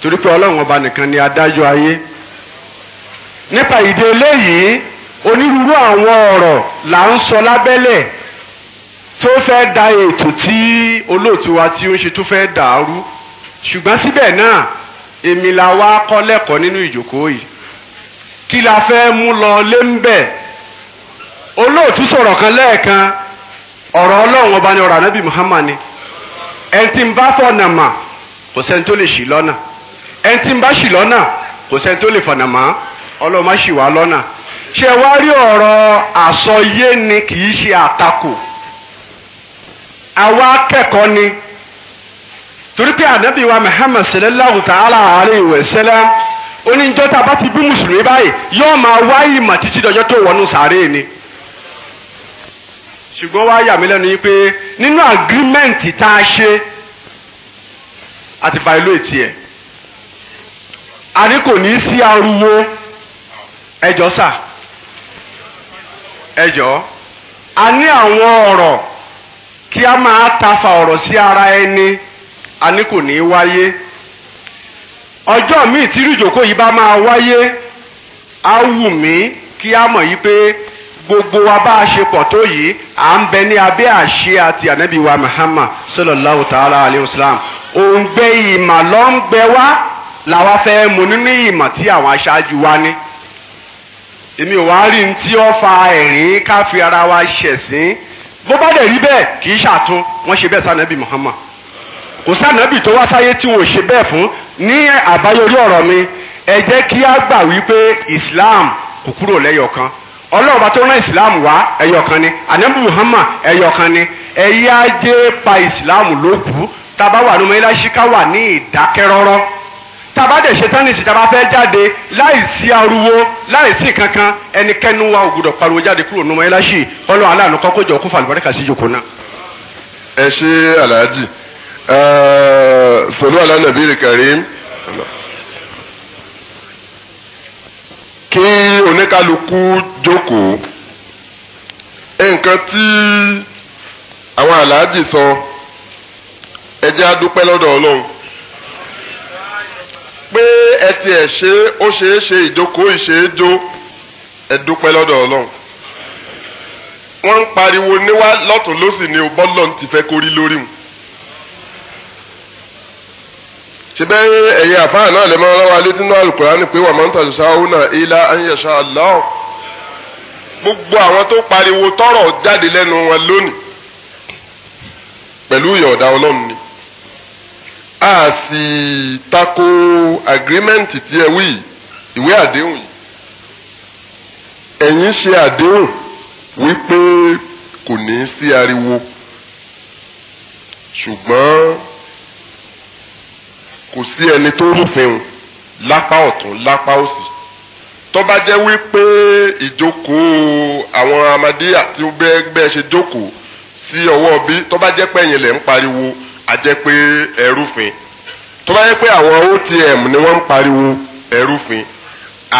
torí pé ọlọ́run ọba nìkan ni adájọ́ ayé nípa ìdí eléyìí onírúurú àwọn ọ̀rọ̀ là ń sọ lábẹ́lẹ̀ tó fẹ́ da ètò tí olóòtú wa tí ó ń ṣe tó fẹ́ dàrú ṣùgbọ́n síbẹ̀ náà èmi la wá kọ́ lẹ́kọ̀ọ́ nínú ìjókòó yìí kí la fẹ́ mú lọ lé ń bẹ̀ olóòtú sọ̀rọ̀ kan lẹ́ẹ̀kan ọ̀rọ̀ ọlọ́run ọba ni ọ̀rọ̀ ànábì Muhammad ni ẹni tí ń bá fọ̀nà mà kò sẹ́ni tó lè ṣì lọ́nà ẹni tí ń bá ṣì lọ́nà kò sẹ́ni tó lè fọ̀nà mà ọlọ́run má ṣì wá lọ́nà ṣé wá rí ọ̀rọ̀ àsọyé ni kì í ṣe àtakò àwa akẹ́kọ̀ọ́ ni torí pé ànábì wa Muhammad sallallahu ta'ala alayhi wa sallam oníjọ́ta bá ti bí mùsùlùmí báyìí yóò máa wá ìmọ̀ títí dọjọ́ tó wọnú sàárè ni ṣùgbọ́n wá yà mí lẹ́nu yìí pé nínú agreement tá a ṣe àti violate ẹ̀ àní kò ní sí ariwo ẹjọ́ sà ẹjọ́ a ní àwọn ọ̀rọ̀ kí a máa tafa ọ̀rọ̀ sí ara ẹni àní kò ní wáyé ọjọ́ míì tí yìí bá máa wáyé á wù mí kí a mọ̀ yìí pé gbogbo wa bá a ṣe pọ̀ tó yìí à ń bẹ ní abẹ́ àṣẹ àti ànábì Muhammad sallallahu ta'ala alayhi wa sallam òǹgbẹ ìmọ̀ ló ń gbẹ wá làwa fẹ́ mú nínú ìmọ̀ tí àwọn aṣáájú wa ní. èmi ò wá rí ní tí ó fa ẹ̀rín ká fi ara wa ṣẹ̀sín bó bá dẹ̀ rí bẹ́ẹ̀ kì í ṣàtún wọ́n ṣe bẹ́ẹ̀ sànábì Muhammad kò sànábì tó wá sáyé tí wọn ò ṣe bẹ́ẹ̀ fún ní àbáyọrí ọ̀rọ̀ mi ẹ kí á gbà wípé Islam kò kúrò lẹ́yọ̀kan ọlọ́run bá tó rán ìsìláàmù wá ẹyọ kan ni ànábì muhammad ẹyọ kan ni ẹ̀yà jẹ́ pa ìsìláàmù lókù tábà wà nínú iláṣí ká wà ní ìdákẹ́rọ́rọ́ tábà dẹ̀ ṣe tánìsì tábà fẹ́ jáde láì sí ariwo láì sí kankan ẹnikẹ́ni wa ò gbọdọ̀ pariwo jáde kúrò nínú iláṣí ọlọ́run aláàánú kọ́kọ́ jọ kó fàlùbọ́dẹ́ kà sí ìjókòó náà. ẹ ṣe aláàjì sọlá alánàbí rẹ kẹrin kí oníkálukú jókòó nǹkan tí àwọn aláàjì sọ ẹ jẹ́ a dúpẹ́ lọ́dọ̀ Ọlọ́run pé ẹ tiẹ̀ ṣe ó ṣeé ṣe ìjókòó ìṣeéjó ẹ dúpẹ́ lọ́dọ̀ Ọlọ́run wọ́n ń pariwo níwá lọ́tún lọ́sì ni bọ́lọ̀ ti fẹ́ kórí lórí wọn. síbẹ̀ ẹ̀yẹ àfáà náà lè máa lọ́wọ́ alẹ́ nínú Al-Qur'ani pé wà máa ń tàṣà ọ̀húnà ilá ayẹ̀ṣà Allah gbogbo àwọn tó pariwo tọrọ jáde lẹ́nu wọn lónìí pẹ̀lú ìyọ̀ǹda Ọlọ́run ni a sì tako agirímẹ́ǹtì tí ẹ wí ìwé àdéhùn yìí ẹ̀yin ṣe àdéhùn wípé kò ní sí ariwo ṣùgbọ́n kò sí ẹni tó rúfin o lápá ọ̀tún lápá òsì tó bá jẹ́ wípé ìjókòó àwọn amadíyà tí bẹ́ẹ̀ bẹ́ẹ̀ ṣe jókòó sí ọwọ́ bí tó bá jẹ́ pé ẹ̀yin lẹ̀ ń pariwo a jẹ́ pé ẹrúfin tó bá jẹ́ pé àwọn otm ni wọ́n ń pariwo ẹrúfin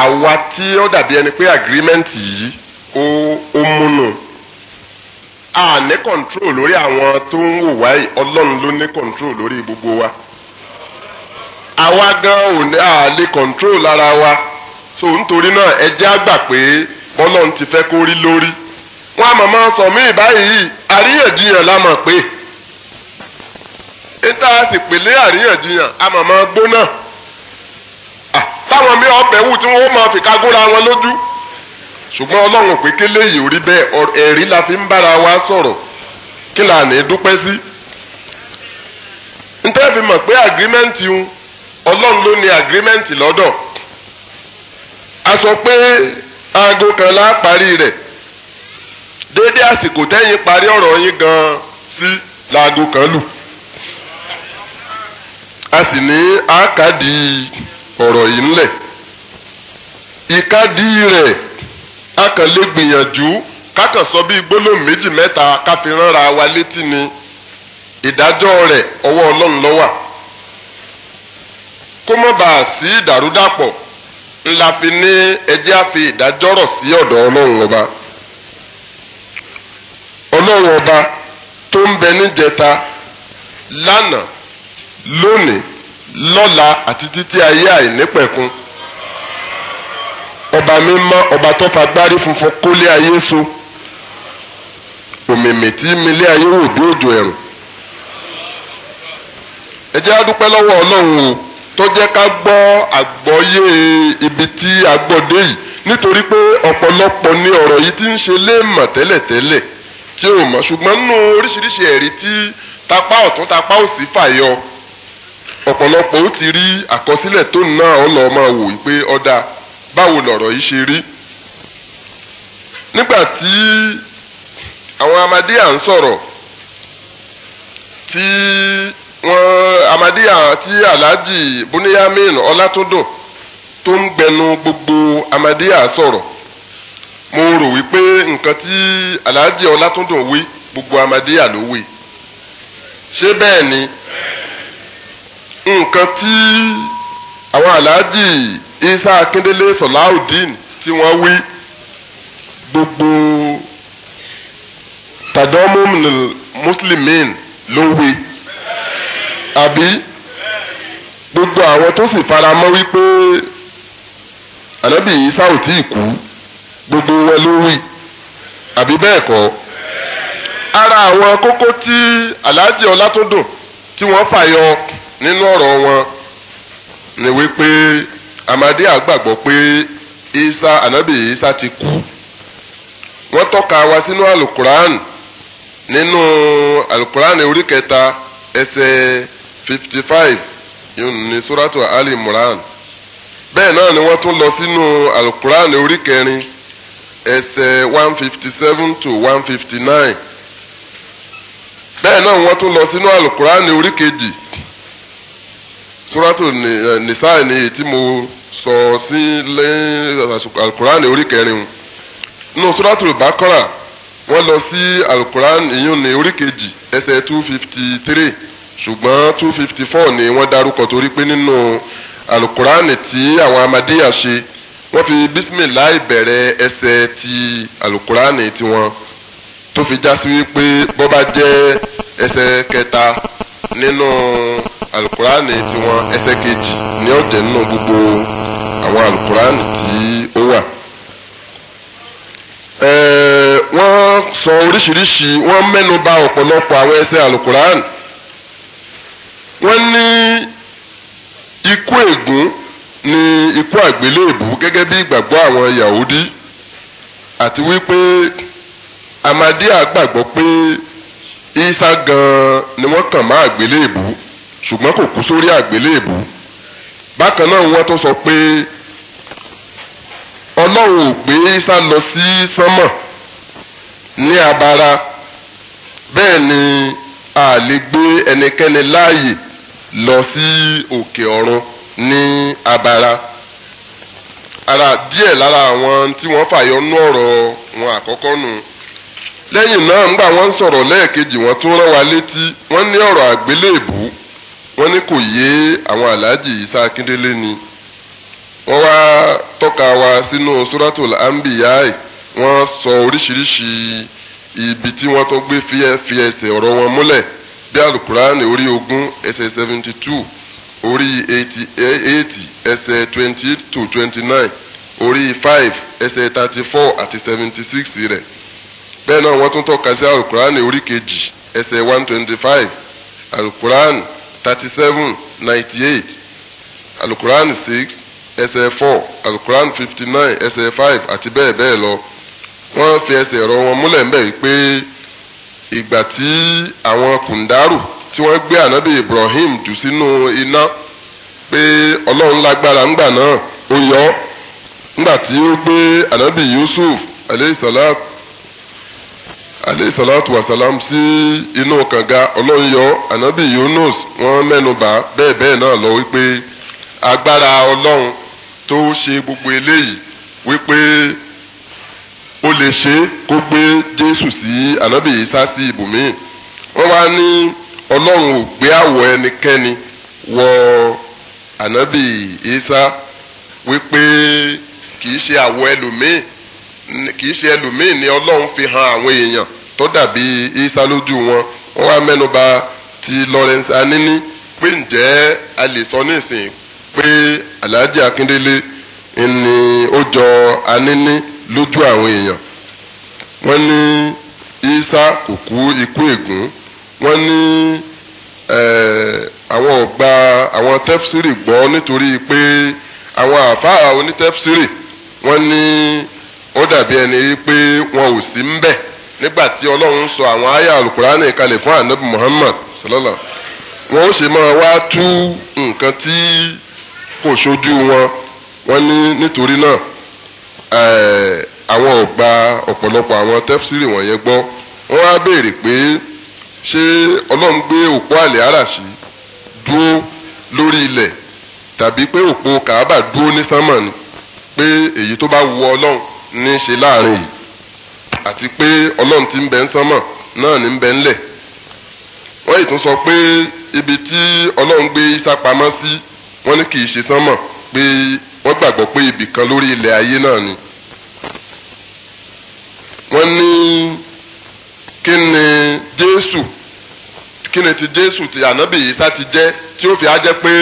àwa tí ó dàbí ẹni pé àgírímẹ́ǹtì yìí ó ó múnú a ní kọ̀ǹtró lórí àwọn tó ń wò wáyé ọlọ́run ló ní kọ̀ǹtró lórí gbogbo wa. àwa gan ò ní à lè control ara wa so nítorí náà ẹ jẹ́ agba pé bọ́lọ́n ti fẹ́ kó rí lórí wọn a màmá sọ mí ìbáyìí àríyànjiyàn la mọ̀ pé níta a sì pèlé àríyànjiyàn a màmá gbóná táwọn mi ọbẹ̀ wù tí wọ́n fi kágóra wọn lójú ṣùgbọ́n ọlọ́run pé kí léyìí ò rí bẹ́ẹ̀ ẹ̀rí la fi ń bára wa sọ̀rọ̀ kí là ní dúpẹ́ sí. n tẹ́ fi mọ̀ pé àgírímẹ́ǹtì ọlọ́run ló ní àgírímẹ́ǹtì lọ́dọ̀ a sọ pé aago kan la parí rẹ̀ déédéé àsìkò tẹ́yìn parí ọ̀rọ̀ yín gan sí laago kan lù a sì ní àkàdì ọ̀rọ̀ yìí ńlẹ̀ ìkàdì rẹ̀ a kàn lè gbìyànjú kákan sọ bíi gbólóhùn méjì mẹ́ta ká wa létí ni ìdájọ́ rẹ̀ ọwọ́ ọlọ́run ló wà kó mọ̀ bá a sí ìdàrúdàpọ̀ ńlá fi ní ẹjẹ́ àfi ìdájọ́rọ̀ sí ọ̀dọ̀ ọlọ́run ọba ọlọ́run ọba tó ń bẹ níjẹta lánàá lónìí lọ́la àti títí ayé àìnípẹ̀kun ọba mímọ́ ọba tó fagbárí funfun kólé ayé so òmìmì tí milé ayé wò dé òjò ẹ̀rùn ẹ jẹ́ a lọ́wọ́ ọlọ́run o tó jẹ́ ká gbọ́ àgbọ́yé ibi tí a gbọ́ dé yìí nítorí pé ọ̀pọ̀lọpọ̀ ni ọ̀rọ̀ yìí ti ń ṣe léèmọ̀ tẹ́lẹ̀tẹ́lẹ̀ tí ò mọ̀ ṣùgbọ́n nínú oríṣiríṣi ẹ̀rí tí tapá ọ̀tún tapá òsì fàyọ ọ̀pọ̀lọpọ̀ ó ti rí àkọsílẹ̀ tó náà ọ̀nà máa wò wípé ọ̀dà báwo lọ̀rọ̀ yìí ṣe rí nígbà tí àwọn amadé à ń sọ̀rọ̀ tí wọn eh, amadiya ti alhaji buniyamin ọlátúndùn tó ń gbẹnu gbogbo amadiya sọ̀rọ̀ mo rò wípé nǹkan tí alhaji ọlátúndùn wí gbogbo amadiya ló wí ṣé bẹ́ẹ̀ ni nǹkan tí àwọn alhaji isa akindele sọláùdín tí wọ́n wí gbogbo tàdọ́mùmùnì mùsùlùmí ló wí àbí gbogbo àwọn tó sì faramọ́ wípé ànábì Ìsá ò tí ì kú gbogbo wọn ló wí àbí bẹ́ẹ̀ kọ́ ara àwọn kókó tí Alhaji Ọlátúndùn tí wọ́n fàyọ nínú ọ̀rọ̀ wọn ni wípé Amadi àgbàgbọ́ pé isa ànábì isa ti kú wọ́n tọ́ka wa sínú alukuran nínú alukuran orí kẹta ẹsẹ̀ 55. five ní suratu ali Muran. bẹ́ẹ̀ náà ni wọ́n tún lọ sínú alukurani orí kẹrin ẹsẹ̀ 157 to 159. fifty nine bẹ́ẹ̀ náà wọ́n tún lọ sínú alukurani orí kejì suratu nisa ni tí mo sọ sí lẹ́yìn alukurani orí kẹrin nínú suratu bakara wọ́n lọ sí alukurani ìyún ní orí kejì ẹsẹ̀ two ṣùgbọ́n two fifty four ni wọ́n darúkọ torí pé nínú alukurani tí àwọn amadiya ṣe wọ́n fi bisimilahi bẹ̀rẹ̀ ẹsẹ̀ ti alukurani tiwọn tó fi já sí wípé bó bá jẹ́ ẹsẹ̀ kẹta nínú alukurani tiwọn ẹsẹ̀ kejì ni ó jẹ́ nínú gbogbo àwọn alukurani tí ó wà. wọ́n sọ oríṣiríṣi wọ́n mẹ́nu bà ọ̀pọ̀lọpọ̀ àwọn ẹsẹ̀ alukurani wọ́n ní ikú ègún ni ikú àgbélébù gẹ́gẹ́ bí ìgbàgbọ́ àwọn Yahudi àti wípé Ahmadiyya gbàgbọ́ pé Isa gan ni wọ́n kàn má àgbélébù ṣùgbọ́n kò kú sórí àgbélébù bákan náà wọ́n tó sọ pé ọlọ́run ò gbé Isa lọ sí sánmọ̀ ní abara bẹ́ẹ̀ ni a lè gbé ẹnikẹ́ni láàyè lọ sí òkè ọ̀run ní abara ara díẹ̀ lára àwọn tí wọ́n fàyọ nú ọ̀rọ̀ wọn àkọ́kọ́ nù lẹ́yìn náà ńgbà wọ́n ń sọ̀rọ̀ lẹ́ẹ̀kejì wọ́n tún rán wa létí wọ́n ní ọ̀rọ̀ àgbélébù wọ́n ní kò yé àwọn aláàjì Ìsá Akíndélé ni wọ́n wá tọ́ka wa sínú suratul ambiyai wọ́n sọ oríṣiríṣi ibi tí wọ́n tó gbé fiyẹ̀fiyẹ̀ tẹ̀ ọ̀rọ̀ wọn múlẹ̀ bí alukurani orí ogún ẹsẹ̀ seventy two orí eighty eighty ẹsẹ̀ twenty eight to twenty nine orí five ẹsẹ̀ thirty four àti seventy six rẹ̀ bẹ́ẹ̀ náà wọ́n tún tọ́ka sí alukurani orí kejì ẹsẹ̀ one twenty five alukuran thirty seven ninety eight alukuran six ẹsẹ̀ four alukuran fifty nine ẹsẹ̀ five àti bẹ́ẹ̀ bẹ́ẹ̀ lọ wọ́n fi ẹsẹ̀ rọ wọn múlẹ̀ ń bẹ̀ wípé ìgbà tí àwọn kùndàrú tí wọ́n gbé ànábì Ibrahim jù sínú iná pé ọlọ́run lágbára ńgbà náà ó yọ ọ́ ńgbà tí ó gbé ànábì Yusuf aleyhisalaam aleyhisalatu wasalam sí inú kànga ọlọ́run yọ ànábì Yunus wọ́n mẹ́nu bà bẹ́ẹ̀ bẹ́ẹ̀ náà lọ wípé agbára ọlọ́run tó ṣe gbogbo eléyìí wípé ó lè ṣe kó gbé jésù sí ànábì Ìsá sí ibòmíì wọ́n wá ní ọlọ́run ò gbé àwọ̀ ẹnikẹ́ni wọ ànábì Ìsá wípé kì ṣe àwọ̀ ẹlòmíì kì ṣe ẹlòmíì ni ọlọ́run fi han àwọn èèyàn tó dàbí Ìsá lójú wọn wọ́n wá mẹ́nuba ti Lawrence Anini pé ǹjẹ́ a lè sọ nísìnyí pé Alhaji Akindele ni ó jọ Anini lójú àwọn èèyàn wọn ní isa kò kú ikú ègún wọ́n ní eh, àwọn ọ̀gbà àwọn tẹ́fsírì gbọ́ nítorí pé àwọn àfáà tefsiri wọn ní ó dàbí ẹni pé wọn ò sí ń bẹ̀ nígbà tí ọlọ́run sọ àwọn àyà alukurani kalẹ̀ fún anabi muhammad wọn ó ṣe máa wá tú nǹkan tí kò ṣojú wọn wọn ní nítorí náà Eh, àwọn ò gba ọ̀pọ̀lọpọ̀ àwọn tẹ́fsìrì wọ̀nyẹn gbọ́ wọ́n á béèrè pé ṣé ọlọ́run gbé òpó àlẹ́ àràṣì dúró lórí ilẹ̀ tàbí pé òpó kàábà dúró ní sánmọ̀ ni pé èyí tó bá wu ọlọ́run ní í ṣe láàrin yìí àti pé ọlọ́run ti ń bẹ ń sánmọ̀ náà ní ń bẹ ńlẹ̀ wọ́n yìí tún sọ pé ibi tí ọlọ́run gbé isa pamọ́ sí wọ́n ní kì í ṣe sánmọ̀ pé wọ́n gbàgbọ́ pé ibì kan lórí ilẹ̀ ayé náà ni wọ́n ní kí ni Jésù kí ni ti Jésù ti ànábì Ìsá ti jẹ́ tí ó fi á jẹ́ pé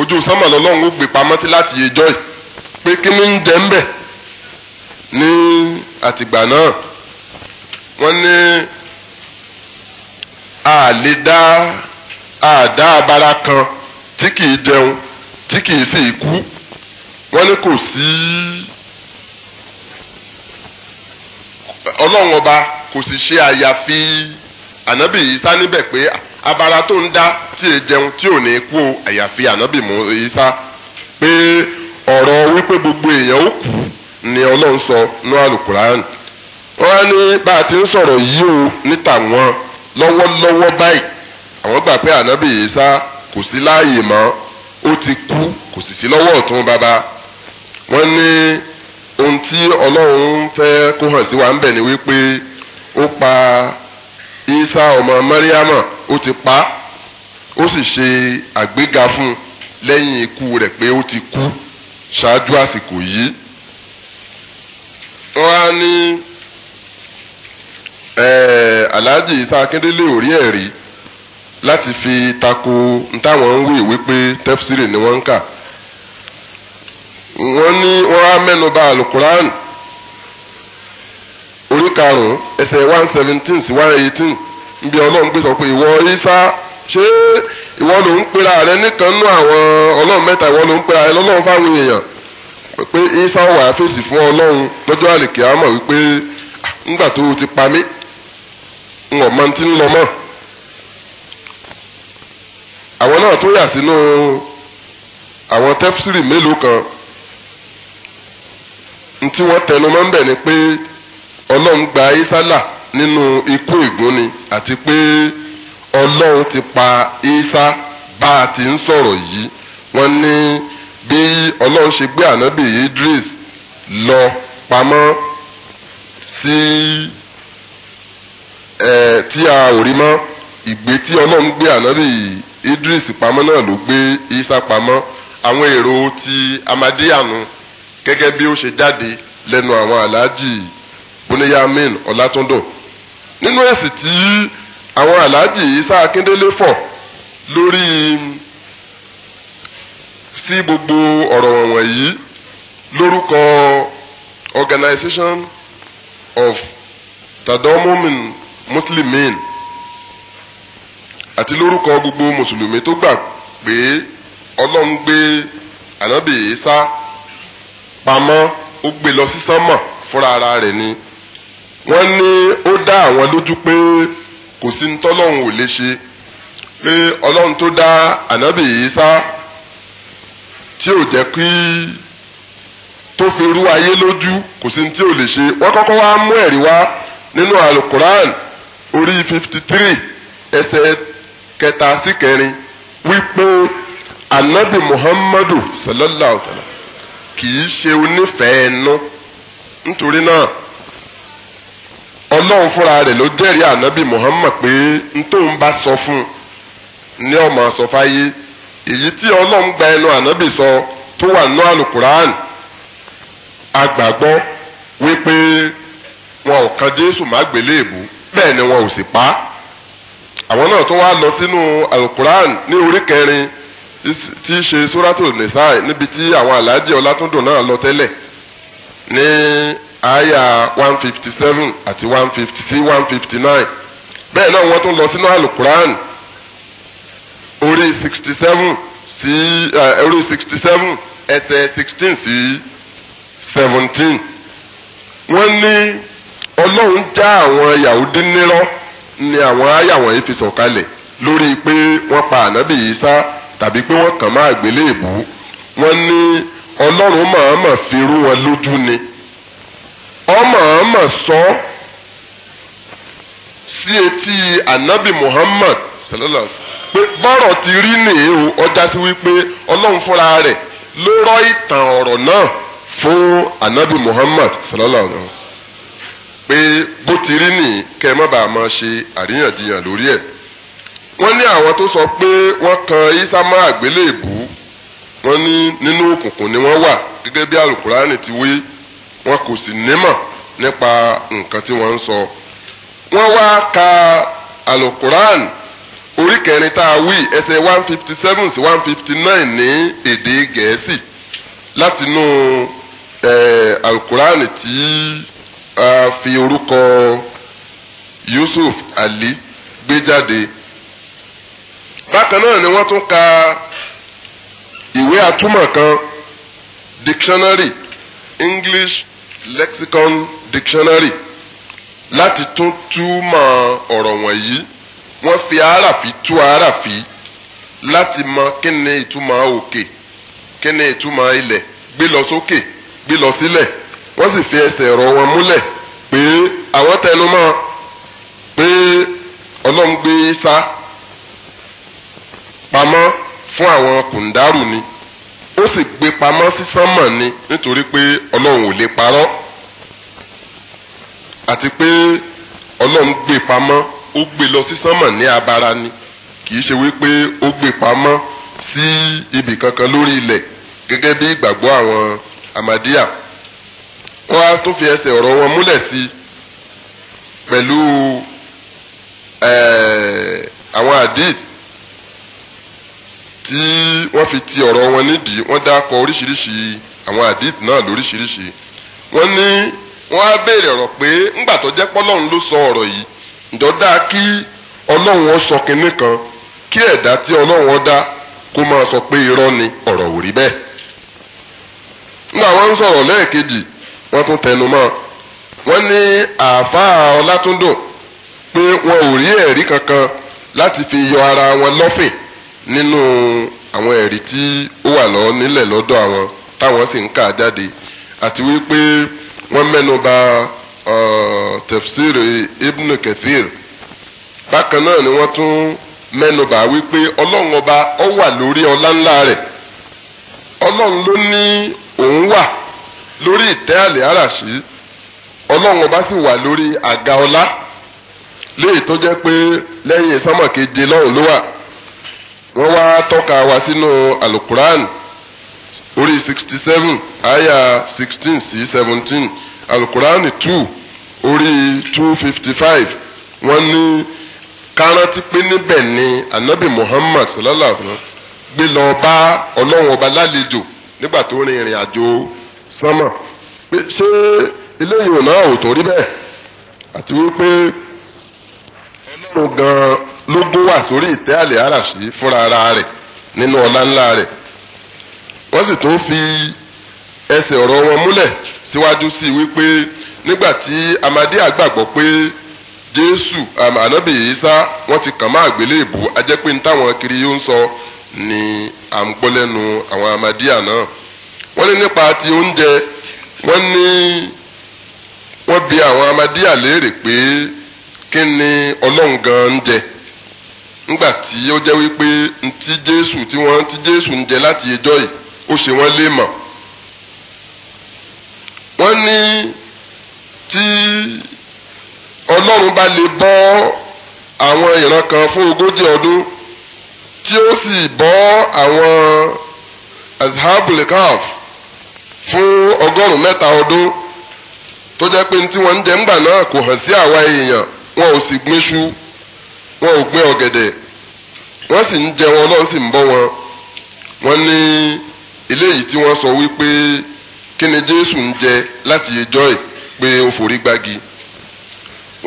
ojú sánmà lọ́lọ́run ó gbé pamọ́ sí láti ìjọ yìí pé kí ni ń jẹ́ ń bẹ̀ ní àtìgbà náà wọ́n ní a lè dá àdá abara kan tí kì jẹun tí kì sì kú wọ́n ní kò sí ọlọ́run ọba kò sì ṣe àyàfi ànábì Ìsá níbẹ̀ pé abara tó ń dá tí e jẹun tí ò ní kú àyàfi ànábì Ìsá pé ọ̀rọ̀ wípé gbogbo èèyàn ó kú ni ọlọ́run sọ ní alukuran wọ́n á ní bá a ti ń sọ̀rọ̀ yìí o níta wọn lọ́wọ́lọ́wọ́ báyìí àwọn gbà pé ànábì Ìsá kò sí láàyè mọ́ ó ti kú kò sì sí lọ́wọ́ ọ̀tún bàbá wọ́n ní ohun tí ọlọ́run fẹ́ kó hàn sí wa ń bẹ̀ ni wípé ó pa isa ọmọ mariama ó ti pa ó sì ṣe àgbéga fún un lẹ́yìn ikú rẹ̀ pé ó ti kú ṣáájú àsìkò yìí wọ́n á ní alhaji isa akindele ò rí ẹ̀rí láti fi tako ntáwọn ń wí ìwé pé ni wọ́n ń kà wọ́n ní wọ́n á mẹ́nu bà alukuran orí karùn-ún ẹsẹ̀ one seventeen sí one eighteen nbí ọlọ́run pé sọ pé ìwọ isa ṣé ìwọ ló ń pera rẹ nìkan nú àwọn ọlọ́run mẹ́ta ìwọ ló ń pera rẹ lọ́lọ́run fáwọn èèyàn pé isa wà á fèsì fún ọlọ́run lọ́jọ́ àlèkè àmọ̀ wípé ńgbà ah, tó o ti pa mí ń wọ̀ máa ti ń lọ mọ́ àwọn náà tó yà sínú àwọn tẹ́psìrì mélòó kan ntí wọ́n tẹnu mọ́ ń bẹ̀ ni pé ọlọ́run gba isala nínú ikú ìgúnni àti pé ọlọ́run ti pa isa bá a ti ń sọ̀rọ̀ yìí wọ́n ní bí ọlọ́run ṣe gbé ànábì idris lọ pamọ́ sí ẹ tí a ò rí mọ́ ìgbé tí ọlọ́run gbé ànábì idris pamọ́ náà ló gbé isa pamọ́ àwọn èrò ti amadíyanu gẹ́gẹ́ bí ó ṣe jáde lẹ́nu àwọn aláàjì bóníyàmín ọlátúndò nínú ẹ̀sìn tí àwọn aláàjì isa akíndélé fọ̀ lórí sí gbogbo ọ̀rọ̀ wọ̀nyí lórúkọ organization of tadomomin muslimin àti lórúkọ gbogbo mùsùlùmí tó gbà pé ọlọ́run gbé ànábì isa pamọ́ ó gbé lọ sí sánmọ̀ fúnra ara rẹ̀ ni wọ́n ní ó dá àwọn lójú pé kò sí ní tọ́lọ́hún ò lè ṣe pé ọlọ́run tó dá ànábì Ìsá tí ò jẹ́ kí tó fi rú ayé lójú kò sí ní tí ò lè ṣe wọ́n kọ́kọ́ wá mú ẹ̀rí wá nínú alukuran orí fifty three ẹsẹ̀ kẹta sí kẹrin wípé ànábì Muhammadu sallallahu alayhi wa sallam kì í ṣe onífẹ̀ẹ́ ẹnu nítorí náà ọlọ́run fúnra rẹ̀ ló jẹ́rìí ànábì Muhammad pé ntóun bá sọ fún un ní ọmọ àsọfáyé èyí tí ọlọ́run gba ẹnu ànábì sọ tó wà nínú alukuraan agbàgbọ́ wípé wọn ò kan Jésù má gbélé èbú bẹ́ẹ̀ ni wọn ò sì pa àwọn náà tó wá lọ sínú alukuraan ní orí kẹrin. tí í ṣe sóràtò nìsáì níbi tí àwọn aláàjì ọlátúndùn náà lọ tẹ́lẹ̀ ní àyà one fifty seven àti one fifty sí one fifty nine bẹ́ẹ̀ náà wọ́n tún lọ sínú alukuran orí sixty seven sí orí sixty seven ẹsẹ̀ sixteen sí seventeen wọ́n ní ọlọ́run já àwọn yahudi nírọ́ ni àwọn àyà wọ̀nyí fi sọ̀kalẹ̀ lórí pé wọ́n pa ànábì Ìsá tàbí pé wọ́n kàn máa gbélébù wọ́n ní ọlọ́run mọ̀ọ́mọ̀ fi wọn lójú ni ọmọọmọ sọ sí etí anabi Muhammad sallallahu pé bọ́rọ̀ ti rí nìyí o ọjà sí wípé ọlọ́run fúnra rẹ̀ ló rọ ìtàn ọ̀rọ̀ náà fún anabi Muhammad sallallahu alayhi wa pé bó ti rí nìyí kẹ́ ẹ má bàa máa ṣe àríyànjiyàn lórí ẹ̀ wọ́n ní àwọn tó sọ pé wọ́n kan isama àgbélébù wọ́n ní nínú òkùnkùn ni wọ́n wà gẹ́gẹ́ bí alukurani ti wí wọn kò sì nímọ̀ nípa nǹkan tí wọ́n ń sọ. wọ́n wá ka alukurani orí kẹrin tá a wí ẹsẹ̀ one fifty seven sí one fifty nine ní èdè gẹ̀ẹ́sì látinú eh, alukurani tí a fi orúkọ Yusuf Ali gbé jáde bákan náà ni wọ́n tún ka ìwé àtúmọ̀ kan dictionary English lexicon dictionary láti tún túmọ̀ ọ̀rọ̀ wọ̀nyí wọ́n fi àràfi tú àràfi láti mọ kí ni ìtumọ̀ òkè kí ni ìtumọ̀ ilẹ̀ gbé lọ sókè gbé lọ sílẹ̀ wọ́n sì fi ẹsẹ̀ ọ̀rọ̀ wọn múlẹ̀ pé àwọn tẹnumọ́ pé ọlọ́run gbé sá pamọ́ fún àwọn kùndàrú ni ó sì gbé pamọ́ sí sánmọ̀ ni nítorí pé ọlọ́run ò lè parọ́ àti pé ọlọ́run gbé pamọ́ ó gbé lọ sí sánmọ̀ ní abara ni kì í ṣe wípé ó gbé pamọ́ sí ibì kankan lórí ilẹ̀ gẹ́gẹ́ bí ìgbàgbọ́ àwọn Ahmadiyya wọ́n á tún fi ẹsẹ̀ ọ̀rọ̀ wọn múlẹ̀ sí i pẹ̀lú àwọn àdìs tí wọ́n fi ti ọ̀rọ̀ wọn nídìí wọ́n dákọ oríṣiríṣi àwọn hadith náà lóríṣiríṣi wọ́n ní wọ́n á béèrè ọ̀rọ̀ pé ńgbà tó jẹ́ pọ́lọ́run ló sọ ọ̀rọ̀ yìí ǹjọ́ dáa kí ọlọ́run ó sọ kinní kan kí ẹ̀dá tí ọlọ́run ó dá kó máa sọ pé irọ́ ni ọ̀rọ̀ ò rí bẹ́ẹ̀. nígbà wọ́n ń sọ̀rọ̀ lẹ́ẹ̀kejì wọ́n tún tẹnu mọ́ wọ́n ní àáfàá ọlátúndùn pé wọn ò rí ẹ̀rí kankan láti fi yọ ara wọn lọ́fìn nínú àwọn ẹ̀rí tí ó wà lọ nílẹ̀ lọ́dọ̀ àwọn táwọn sì ń kà jáde àti wípé wọ́n mẹ́nu bà tafsir ibn kathir bákan náà ni wọ́n tún mẹ́nu bà wípé ọlọ́run ọba ọ wà lórí ọláńlá rẹ̀ ọlọ́run ló ní òun wà lórí ìtẹ́ àlẹ́ àràṣí ọlọ́run ọba sì wà lórí àga ọlá léyìí tó jẹ́ pé lẹ́yìn sánmọ̀ keje lọ́run ló wà. wọ́n wá tọ́ka wa sínú alukuran orí sixty seven aya sixteen sí seventeen alukuran two orí two fifty five wọ́n ní kárántí pé níbẹ̀ ni anabi muhammad sallallahu alaihi wa sallam gbé lọ bá ọlọ́run ọba lálejò nígbà tó rin ìrìn àjò sánmà pé ṣé eléyìí ò náà ò tó rí bẹ́ẹ̀ àti wípé. ọlọ́run gan-an ló gún wà sórí ìtẹ́ àlè àràṣí fúnra ara rẹ̀ nínú ọlá ńlá rẹ̀ wọ́n sì tún fi ẹsẹ̀ ọ̀rọ̀ wọn múlẹ̀ síwájú sí i wípé nígbà tí amadíà gbàgbọ́ pé jésù ànábì ìsá wọ́n ti kàn máa gbélé ìbò ajẹ́pé ní táwọn kiri yóò ń sọ ni à ń gbọ́ lẹ́nu àwọn amadíà náà wọ́n ní nípa ti oúnjẹ wọ́n ní wọ́n bi àwọn amadíà léèrè pé kí ni ọlọ́run gan ń jẹ ńgbà tí ó jẹ́ wípé ntí jésù tí wọ́n ti jésù ń jẹ láti ẹjọ́ yìí ó ṣe wọ́n lé mọ̀ wọ́n ní tí ọlọ́run bá lè bọ́ àwọn ìran kan fún ogójì ọdún tí ó sì bọ́ àwọn azhabulikaf fún ọgọ́rùn-ún mẹ́ta ọdún tó jẹ́ pé tí wọ́n ń jẹ ńgbà náà kò hàn sí àwa èèyàn wọn ò sì gbin iṣu wọn ò gbin ọ̀gẹ̀dẹ̀ wọ́n sì ń jẹ wọn Ọlọ́run sì ń bọ́ wọn wọ́n ní eléyìí tí wọ́n sọ wípé kí ni Jésù ń jẹ láti ẹjọ́ ẹ̀ pé ó forí gbági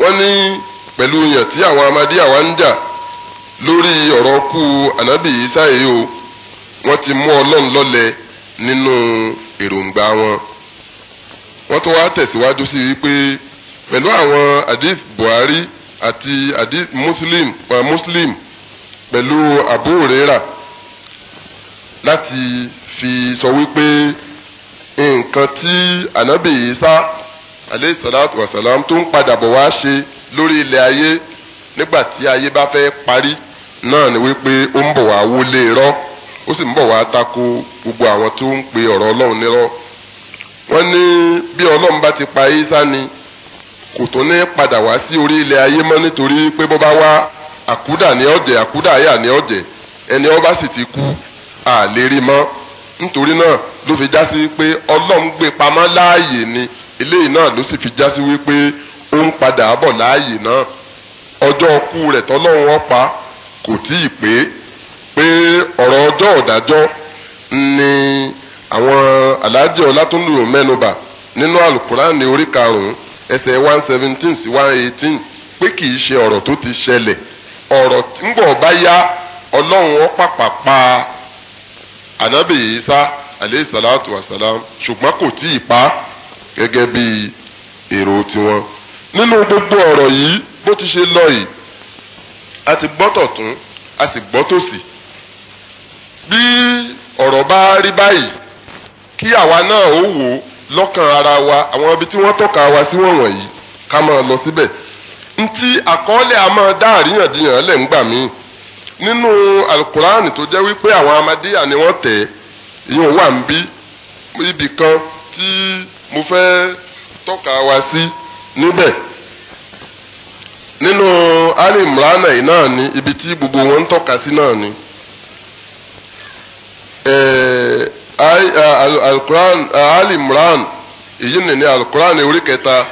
wọ́n ní pẹ̀lú yàn tí àwọn amadé àwa ń jà lórí ọ̀rọ̀ kú ànábì Ísáyé o wọ́n ti mú Ọlọ́run lọ́lẹ nínú èròǹgbà wọn wọ́n tún wá tẹ̀síwájú sí wípé. Si pẹ̀lú àwọn hadith buhari àti hadith muslim uh, muslim pẹ̀lú abu huraira láti fi sọ wípé nǹkan tí anabi isa aleyhi salatu wa salam tó ń padà bọ̀ wá ṣe lórí ilẹ̀ ayé nígbà tí ayé bá fẹ́ parí náà ni wípé ó ń bọ̀ wá wọlé irọ́ ó sì ń bọ̀ wá tako gbogbo àwọn tó ń pe ọ̀rọ̀ ọlọ́run nírọ́ wọ́n ní bí ọlọ́run bá ti pa isa ni kò tó ní padà wá sí orí ilẹ̀ ayé mọ́ nítorí pé bọ́ bá wá àkúdà ní ọ̀jẹ̀ àkúdà àyà ní ọ̀jẹ̀ ẹni ọba sì ti kú àlérí mọ́ nítorí náà ló fi já sí wípé ọlọ́run gbé pamọ́ láàyè ni eléyìí náà ló sì fi já sí wípé ó ń padà bọ̀ láàyè náà ọjọ́ ọkú rẹ̀ tọ́lọ́run ọ̀pá kò tí ì pé pé ọ̀rọ̀ ọjọ́ ọ̀dájọ́ ni àwọn aláàjì ọlátúndùn mẹ́nubà nínú àlùkùránì orí karùn-ún ẹsẹ̀ one seventeen sí one eighteen pé kì í ṣe ọ̀rọ̀ tó ti ṣẹlẹ̀ ọ̀rọ̀ ńgbọ̀ bá yá ọlọ́run ó pàpà pa ànábì Ìsá aleyhi salatu wa salam ṣùgbọ́n kò tí ì pa gẹ́gẹ́ bí èrò tiwọn. nínú gbogbo ọ̀rọ̀ yìí bó ti ṣe lọ yìí a ti gbọ́ tọ̀tún a sì gbọ́ tòsì. bí ọ̀rọ̀ bá rí báyìí kí àwa náà ó wò ó lọ́kàn ara wa àwọn ibi tí wọ́n tọ́ka wa sí wọ̀n wọ̀nyí ká máa lọ síbẹ̀ ntí àkọọ́lẹ̀ a máa dá àríyànjiyàn lẹ̀ ńgbà míì nínú alukuraani tó jẹ́ wípé àwọn amadíyà ni wọ́n tẹ̀ ìyẹn wà ń bí ibì kan tí mo fẹ́ tọ́ka wa sí níbẹ̀ nínú alimrana yìí náà ni ibi tí gbogbo wọn ń tọ́ka sí náà ni. Eh, Eh, al Quran, alukuran eh, alimran èyí al Quran orí kẹta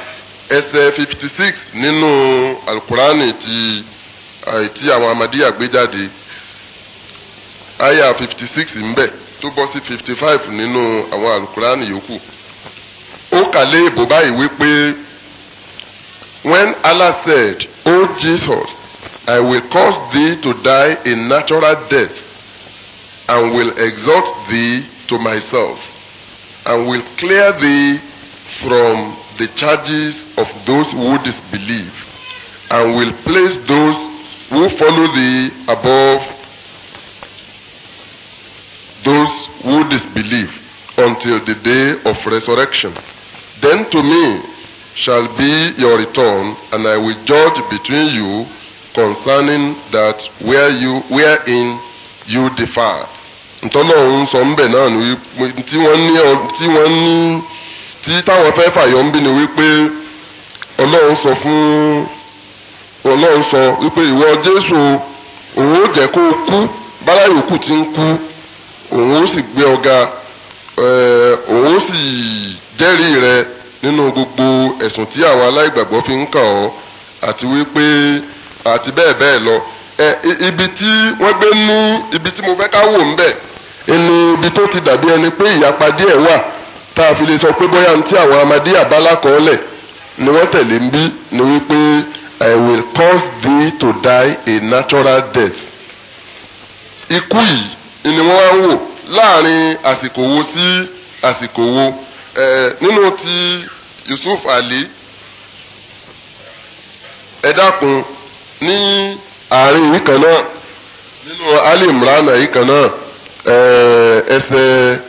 ẹsẹ fifty six nínú alukuran ti eh, ti àwọn amadiya gbé jáde aya fifty six ńbẹ tó bọ́ sí fifty five nínú àwọn alukuran yòókù ó kàlẹ́ ìbò báyìí wípé when Allah said o oh Jesus I will cause thee to die a natural death and will exalt thee to myself and will clear thee from the charges of those who disbelieve and will place those who follow thee above those who disbelieve until the day of resurrection. Then to me shall be your return, and I will judge between you concerning that where you, wherein you differ. ntọ́lọ́run sọ ńbẹ̀ náà ni wípé tí wọ́n ní tí wọ́n ní tí táwọn fẹ́ fàyọ ń bí ni wípé ọlọ́run sọ fún ọlọ́run sọ wípé ìwọ jésù òun ó jẹ́ kó o kú báláyé òkú ti ń kú òun ó sì gbé ọ̀gá òun ó sì jẹ́rìí rẹ nínú gbogbo ẹ̀sùn tí àwọn aláìgbàgbọ́ fi ń kàn ọ́ àti wípé àti bẹ́ẹ̀ bẹ́ẹ̀ lọ ibi tí wọ́n gbé ní ibi tí mo fẹ́ ká wò ń bẹ̀ ẹnu ibi tó ti dàbí ẹni pé ìyapa díẹ̀ wà tá a fi lè sọ pé bóyá ntí àwọn amadé àbálá kan ni wọ́n tẹ̀lé ń bí ni wípé I will cause thee to die a natural death. ikú yìí ni wọ́n wá wò láàrin àsìkò wo sí àsìkò wo nínú ti Yusuf Ali ẹ dákun ní àárín yìí kan náà nínú Ali Imran yìí kan náà. Eh, ẹsẹ̀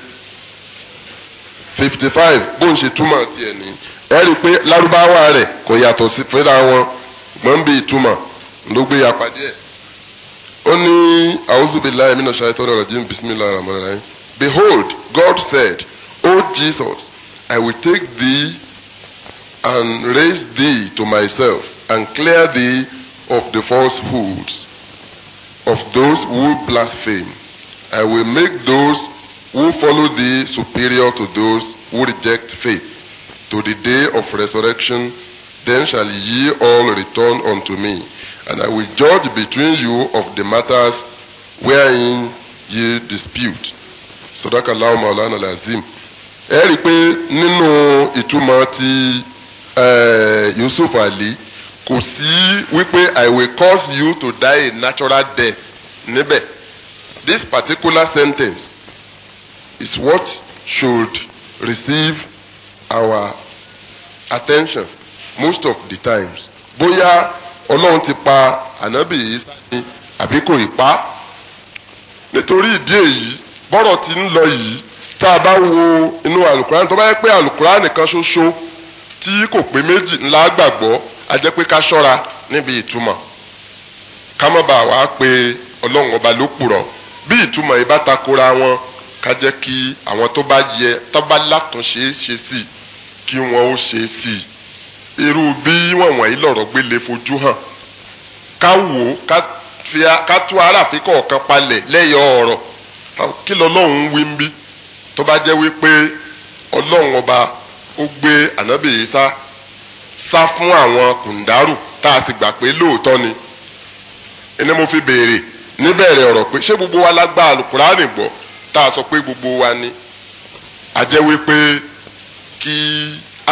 fifty five bó ń ṣe túmọ̀ tiẹ̀ ní ẹ rí i pé lárúbáwá rẹ̀ kò yàtọ̀ sí fúnra wọn mọ̀ ń bí ìtumọ̀ ló gbé ya pàdé ẹ̀. ó ní a'udhu billahi minash shaitani rajim bismillahir rahmanir rahim behold God said O Jesus I will take thee and raise thee to myself and clear thee of the falsehoods of those who blaspheme. I will make those who follow thee superior to those who reject faith to the day of resurrection. Then shall ye all return unto me, and I will judge between you of the matters wherein ye dispute. Sọdáka láwọn Maulana Lazim. Ẹ rí i pé nínú ìtumọ̀ ti Yusuf Ali kò sí wípé I will cause you to die a natural death níbẹ̀ this particular sentence is what should receive our attention most of the times bóyá ọlọ́run ti pa ànábì Ìsá ni àbí kò ì pa nítorí ìdí èyí bọ́rọ̀ ti ń lọ yìí tá a bá wo inú alukuran tó bá yẹ pé alukuran nìkan ṣoṣo tí kò pé méjì ńlá gbàgbọ́ a jẹ́ pé ká ṣọ́ra níbi ìtumọ̀ ká má bàa wá pé ọlọ́run ọba ló purọ́ bí ìtumọ̀ yìí bá takora wọn ká jẹ́ kí àwọn tó bá yẹ tó bá látúnṣe é ṣe sí kí wọ́n ó ṣe é sí irú bí wọ̀nwọ̀n yìí lọ̀rọ̀ gbélé fojú hàn ká wò ó ká tú aráàfin kọ̀ọ̀kan palẹ̀ lẹ́yọ̀ ọ̀rọ̀ kí lọ́lọ́run wí ń bí tó bá jẹ́ wípé ọlọ́run ọba ó gbé ànábì Ìsá sá fún àwọn kùndàrú tá a sì gbà pé lóòótọ́ ni ẹni mo fi béèrè níbẹ̀rẹ̀ ọ̀rọ̀ pé ṣé gbogbo wa lágbá alukurani gbọ́ tá a sọ pé gbogbo wa ni àjẹ́ wípé kí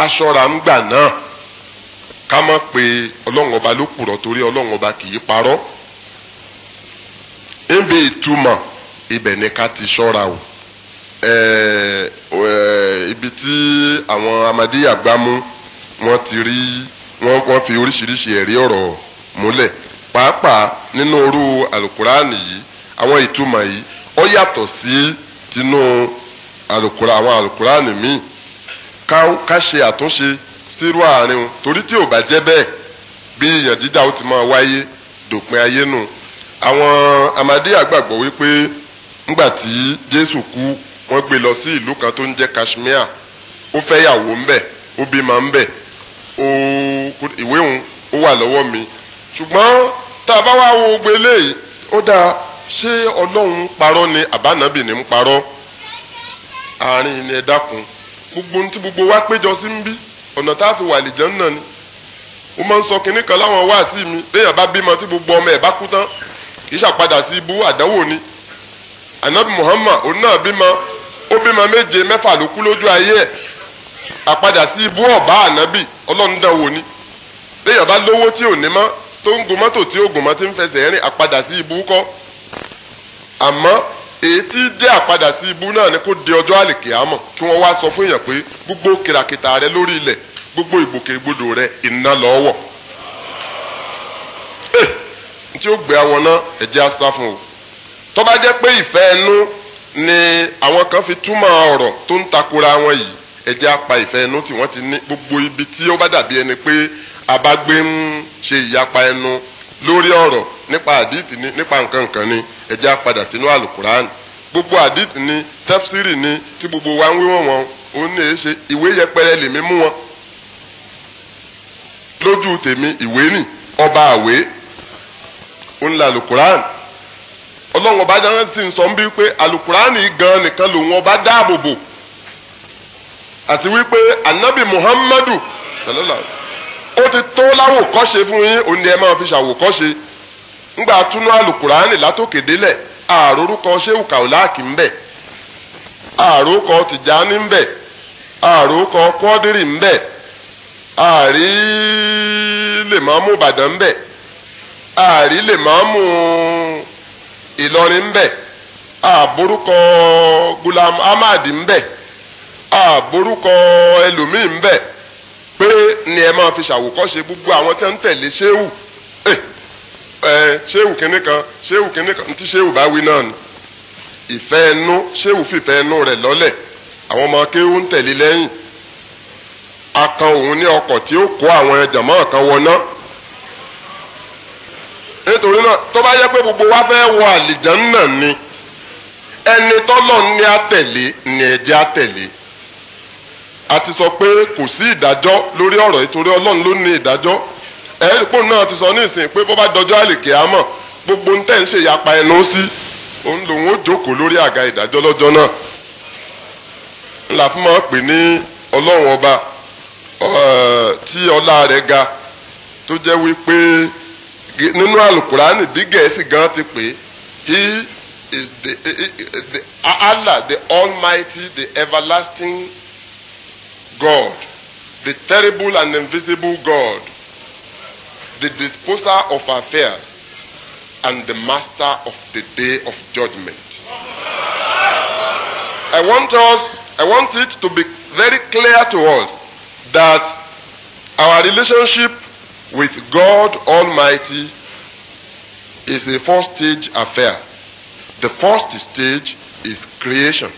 aṣọra ń gbà náà ká má pe ọlọ́run ọba ló kùrọ̀ torí ọlọ́run ọba kì í parọ́ ebe ìtumọ̀ ibẹ̀ ni ká ti ṣọ́ra o ibi tí àwọn amadíyà wọ́n ti rí wọ́n fi oríṣiríṣi ẹ̀rí ọ̀rọ̀ múlẹ̀ pàápàá nínú orú alukurani yìí àwọn ìtumọ̀ yìí ó yàtọ̀ sí tinú alukura àwọn alukurani míì ká ṣe àtúnṣe sírú àárín o torí tí ò bá jẹ́ bẹ́ẹ̀ bí ìyàn dídá ó ti máa wáyé dòpin ayé nù àwọn amadíyà gbàgbọ́ wípé ńgbà tí Jésù kú wọ́n gbé lọ sí ìlú kan tó ń jẹ́ Kashmir ó fẹ́yàwó ńbẹ̀ ó bímọ ńbẹ̀ ó ìwé òun ó wà lọ́wọ́ mi ṣùgbọ́n tá a bá wá wo gbogbo eléyìí ó dáa ṣé ọlọ́run parọ́ ni àbánábì ní ń parọ́ àárín ni ẹ dákun gbogbo ní tí gbogbo wa péjọ sí ń bí ọ̀nà tá a fi wà lìjẹ́ náà ni mo máa ń sọ kinní kan láwọn wáàsí mi léèyàn bá bímọ tí gbogbo ọmọ ẹ̀ bá kú tán kì í ṣàpadà sí ibú àdánwò ni anabi muhammad òun náà bímọ ó bímọ méje mẹ́fà ló kú lójú ayé ẹ̀ àpadà sí ibú ọ̀bá anabi ọlọ́run dánwò ni léèyàn bá lówó tí ò ní mọ́ tó ń gun mọ́tò tí ó gùn mọ́ tí ń fẹsẹ̀ rìn àpadà sí ibú kọ́ àmọ́ èyí tí dé àpadà sí ibú náà ni kó di ọjọ́ àlìkìyámọ̀ kí wọ́n wá sọ fún èèyàn pé gbogbo kìràkìtà rẹ lórí ilẹ̀ gbogbo ìgbòkègbodò rẹ iná lọ́wọ́ eh, tí ó gbé àwọn náà ẹ̀jẹ̀ asá fún o tó bá jẹ́ pé ìfẹ́ ẹnu ni àwọn kan fi túmọ̀ ọ̀rọ̀ tó ń takora wọn yìí ẹ̀jẹ̀ apá ìfẹ́ ẹnu tí wọ́n ti ní gbogbo ibi tí ó bá dàbí ẹni pé abágbé ń ṣe ìyapa ẹnu lórí ọ̀rọ̀ nípa àdìtì ni nípa nǹkan kan ni ẹ jẹ́ á padà sínú àlùkùránì gbogbo àdìtì ni tẹ́fsírì ni tí gbogbo wa ń wí wọ̀n wọn òun ní èé ṣe ìwé yẹpẹrẹ lèmi mú wọn lójú tèmi ìwé nì ọba àwé òun là àlùkùránì ọlọ́run ọba dáná sì ń sọ bí pé àlùkùránì gan nìkan lòun ọba dáàbò bò àti wípé anabi muhammadu sallallahu alaihi wa sallam. ó ti tó láwòkọ́ṣe fún yín òun ni ẹ máa fi ṣàwòkọ́ṣe ńgbà túnú àlùkùránì látòkè délẹ̀ àròrúkọ ṣéwù kàwláàkì ń bẹ àròkọ tìjání ń bẹ àròkọ kọ́dírì ń bẹ àrí lèmọ́mù ìbàdàn ń bẹ àrí lèmọ́mù ìlọrin ń àbórúkọ gulam ahmad ń bẹ àbórúkọ ẹlòmíì ń pé ni ẹ máa fi ṣàwòkọ́ṣe gbogbo àwọn tẹ́ ń tẹ̀lé ṣéwù ẹ eh, eh, ṣéwù kínní kan ṣéwù kínní kan tí ṣéwù bá wí náà ni ìfẹ́ ẹnu ṣéwù fìfẹ́ ẹnu rẹ̀ lọ́lẹ̀ àwọn ọmọ akéwù ń tẹ̀lé lẹ́yìn akan òun ní ọkọ̀ tí ó kó àwọn jàmọ́ kan wọná nítorí náà tó bá yẹ pé gbogbo wa fẹ́ wọ àlìjàn náà ni ẹni tọ́lọ̀ ní àtẹ̀lé ni ẹ̀jẹ̀ àtẹ̀lé a ti sọ pé kò sí ìdájọ́ lórí ọ̀rọ̀ ìtorí ọlọ́run ló ní ìdájọ́ ẹ̀ẹ́dìpọ̀ náà ti sọ ní pé bó bá dọjọ́ àlèkè àmọ́ gbogbo ń tẹ̀ ń ṣe ìyapa ẹnu sí òun lòun ó jókòó lórí àga ìdájọ́ lọ́jọ́ náà ńlá fún máa pè ní ọlọ́run ọba tí ọlá rẹ̀ ga tó jẹ́ wípé nínú alukurani bí gẹ̀ẹ́sì gan ti pè he is the, the, the Allah the almighty the everlasting God, the terrible and invisible God, the disposer of affairs, and the master of the day of judgment. I want us, I want it to be very clear to us that our relationship with God Almighty is a four stage affair. The first stage is creation.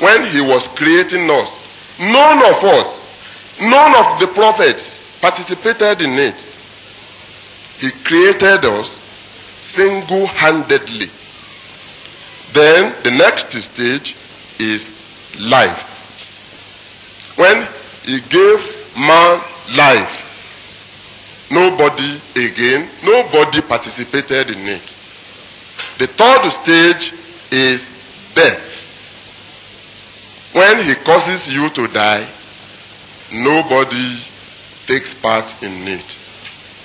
When He was creating us, None of us, none of the prophets participated in it. He created us single handedly. Then the next stage is life. When he gave man life, nobody again, nobody participated in it. The third stage is death. when he causes you to die, nobody takes part in it.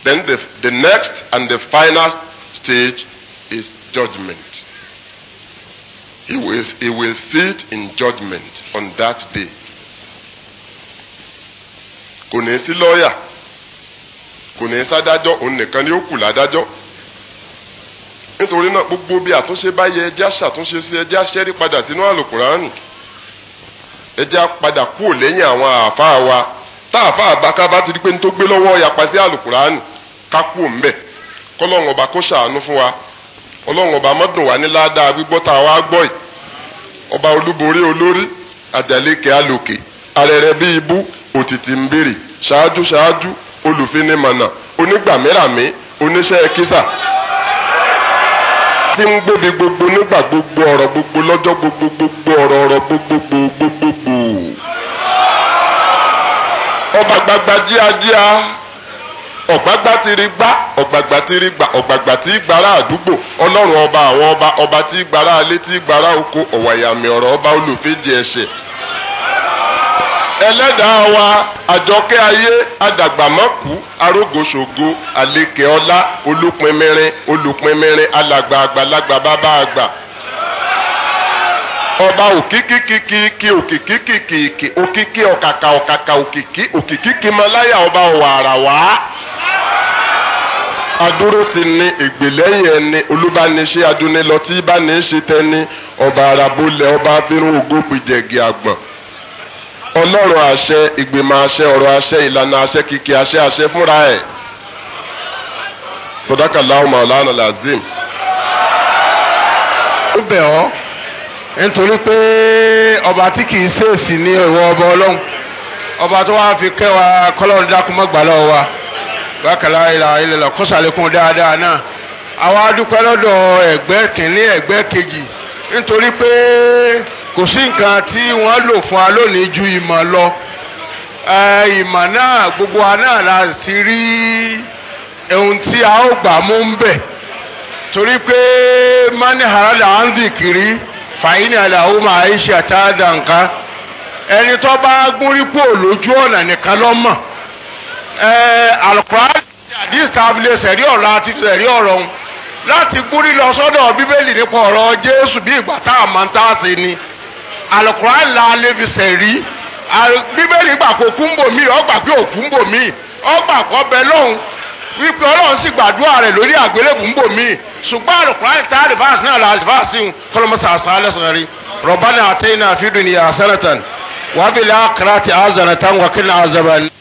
Then the, the next and the final stage is judgment. He will, he will sit in judgment on that day. Kò ní sí lọ́ọ̀yà, kò ní sádájọ́, òun nìkan ni ó kù ládájọ́. Nítorí náà gbogbo bí àtúnṣe bá yẹ ẹjẹ́ àṣàtúnṣe sí ẹjẹ́ àṣẹ́rí padà sínú àlòkùránù. ẹ jẹ́ padà kúrò lẹ́yìn àwọn àáfàá wa taa àáfàá àgbàká bá ti di pé ní tó gbé lọ́wọ́ pasi sí àlùkùránì ká kúrò ńbẹ̀ kọ́lọ́run ọba kó ṣàánú fún wa ọlọ́run ọba mọ́dùn wá ní ládàá gbígbọ́ tá a wá gbọ́ yìí ọba olúborí olórí àdàlékè arẹrẹ ibú òtítì ń béèrè ti ń gbòde gbogbo nígbà gbogbo ọ̀rọ̀ gbogbo lọ́jọ́ gbogbo gbogbo ọ̀rọ̀ ọ̀rọ̀ gbogbo gbogbo. ọba gbagba jíajíá ọ̀gbàgbà ti rí gbá ọ̀gbàgbà ti rí gbà ọ̀gbàgbà ti gbàrà àdúgbò ọlọ́run ọba àwọn ọba ọba ti gbàrà alé ti gbàrà oko ọ̀wàyàmì ọ̀rọ̀ ọba olùfẹ́jì ẹ̀ṣẹ̀ ẹlẹ́dàá wa àjọkẹ́ ayé adàgbàmọ́kù arógoṣogo àlekè ọlá olùpinmirin olùpinmirin alàgbà àgbàlagbà bàbá àgbà ọba òkìkìkìkì òkìkìkìkì òkìkì ọ̀kàkà ọ̀kàkà òkìkì òkìkìkì mọláyà ọba ọ̀wàrà wá adúró ti ní ìgbèlẹ́yìn ẹni olúbániṣẹ́ adúnilọ́tí bániṣẹ́ tẹ́ni ọba arabolẹ̀ ọba afẹ́rún ògópìjẹ̀gì àgbọ̀n. ọlọ́run àṣẹ ìgbìmọ̀ àṣẹ ọ̀rọ̀ àṣẹ ìlànà àṣẹ kìkì àṣẹ àṣẹ fúnra ẹ̀ sọdáka láwùmọ̀ ọ̀làánà làzim. ó bẹ̀ ọ́ nítorí pé ọba tí kì í ṣèèṣì ní ìwọ ọba ọlọ́run ọba tó wáá fi kẹ́ wa kọ́lọ́run dákú mọ́gbà lọ́wọ́ wa bákàlá ìlà ìlẹ̀lẹ̀ kó dáadáa náà àwa dúpẹ́ lọ́dọ̀ ẹ̀gbẹ́ ẹ̀gbẹ́ kejì nítorí pé. kò sí nǹkan tí wọ́n lò fún wa lónìí ju ìmọ̀ lọ ìmọ̀ náà gbogbo wa náà la sì rí ohun tí a ó gbà mú ń bẹ̀ torí pé mani harada andikiri fàyínì aláwo máa ń ṣe àtàdà nǹkan ẹni tó bá gúnrí kú lójú ọ̀nà nìkan ló mọ̀ alukura àdìs tábìlì sẹ̀rí ọ̀rọ̀ àti sẹ̀rí ọ̀rọ̀ ọ̀hún láti gúnrí lọ sọ́dọ̀ bíbélì nípa ọ̀rọ̀ jésù bí ìgbà tá a máa ń tà sí ni. alukuran la lè fi bíbélì gbà kó kú ń bò mí ọgbà pé òkú ń bò mí ọgbà kọ́ bẹ lọ́hùn wípé ọlọ́run sì gbàdúrà rẹ̀ lórí àgbélébù ń bò mí a náà la rìvásì ń kọ́lọ́mọ́sà àṣà lẹ́sàn rí rọ̀bánà àtẹ́yìn náà fi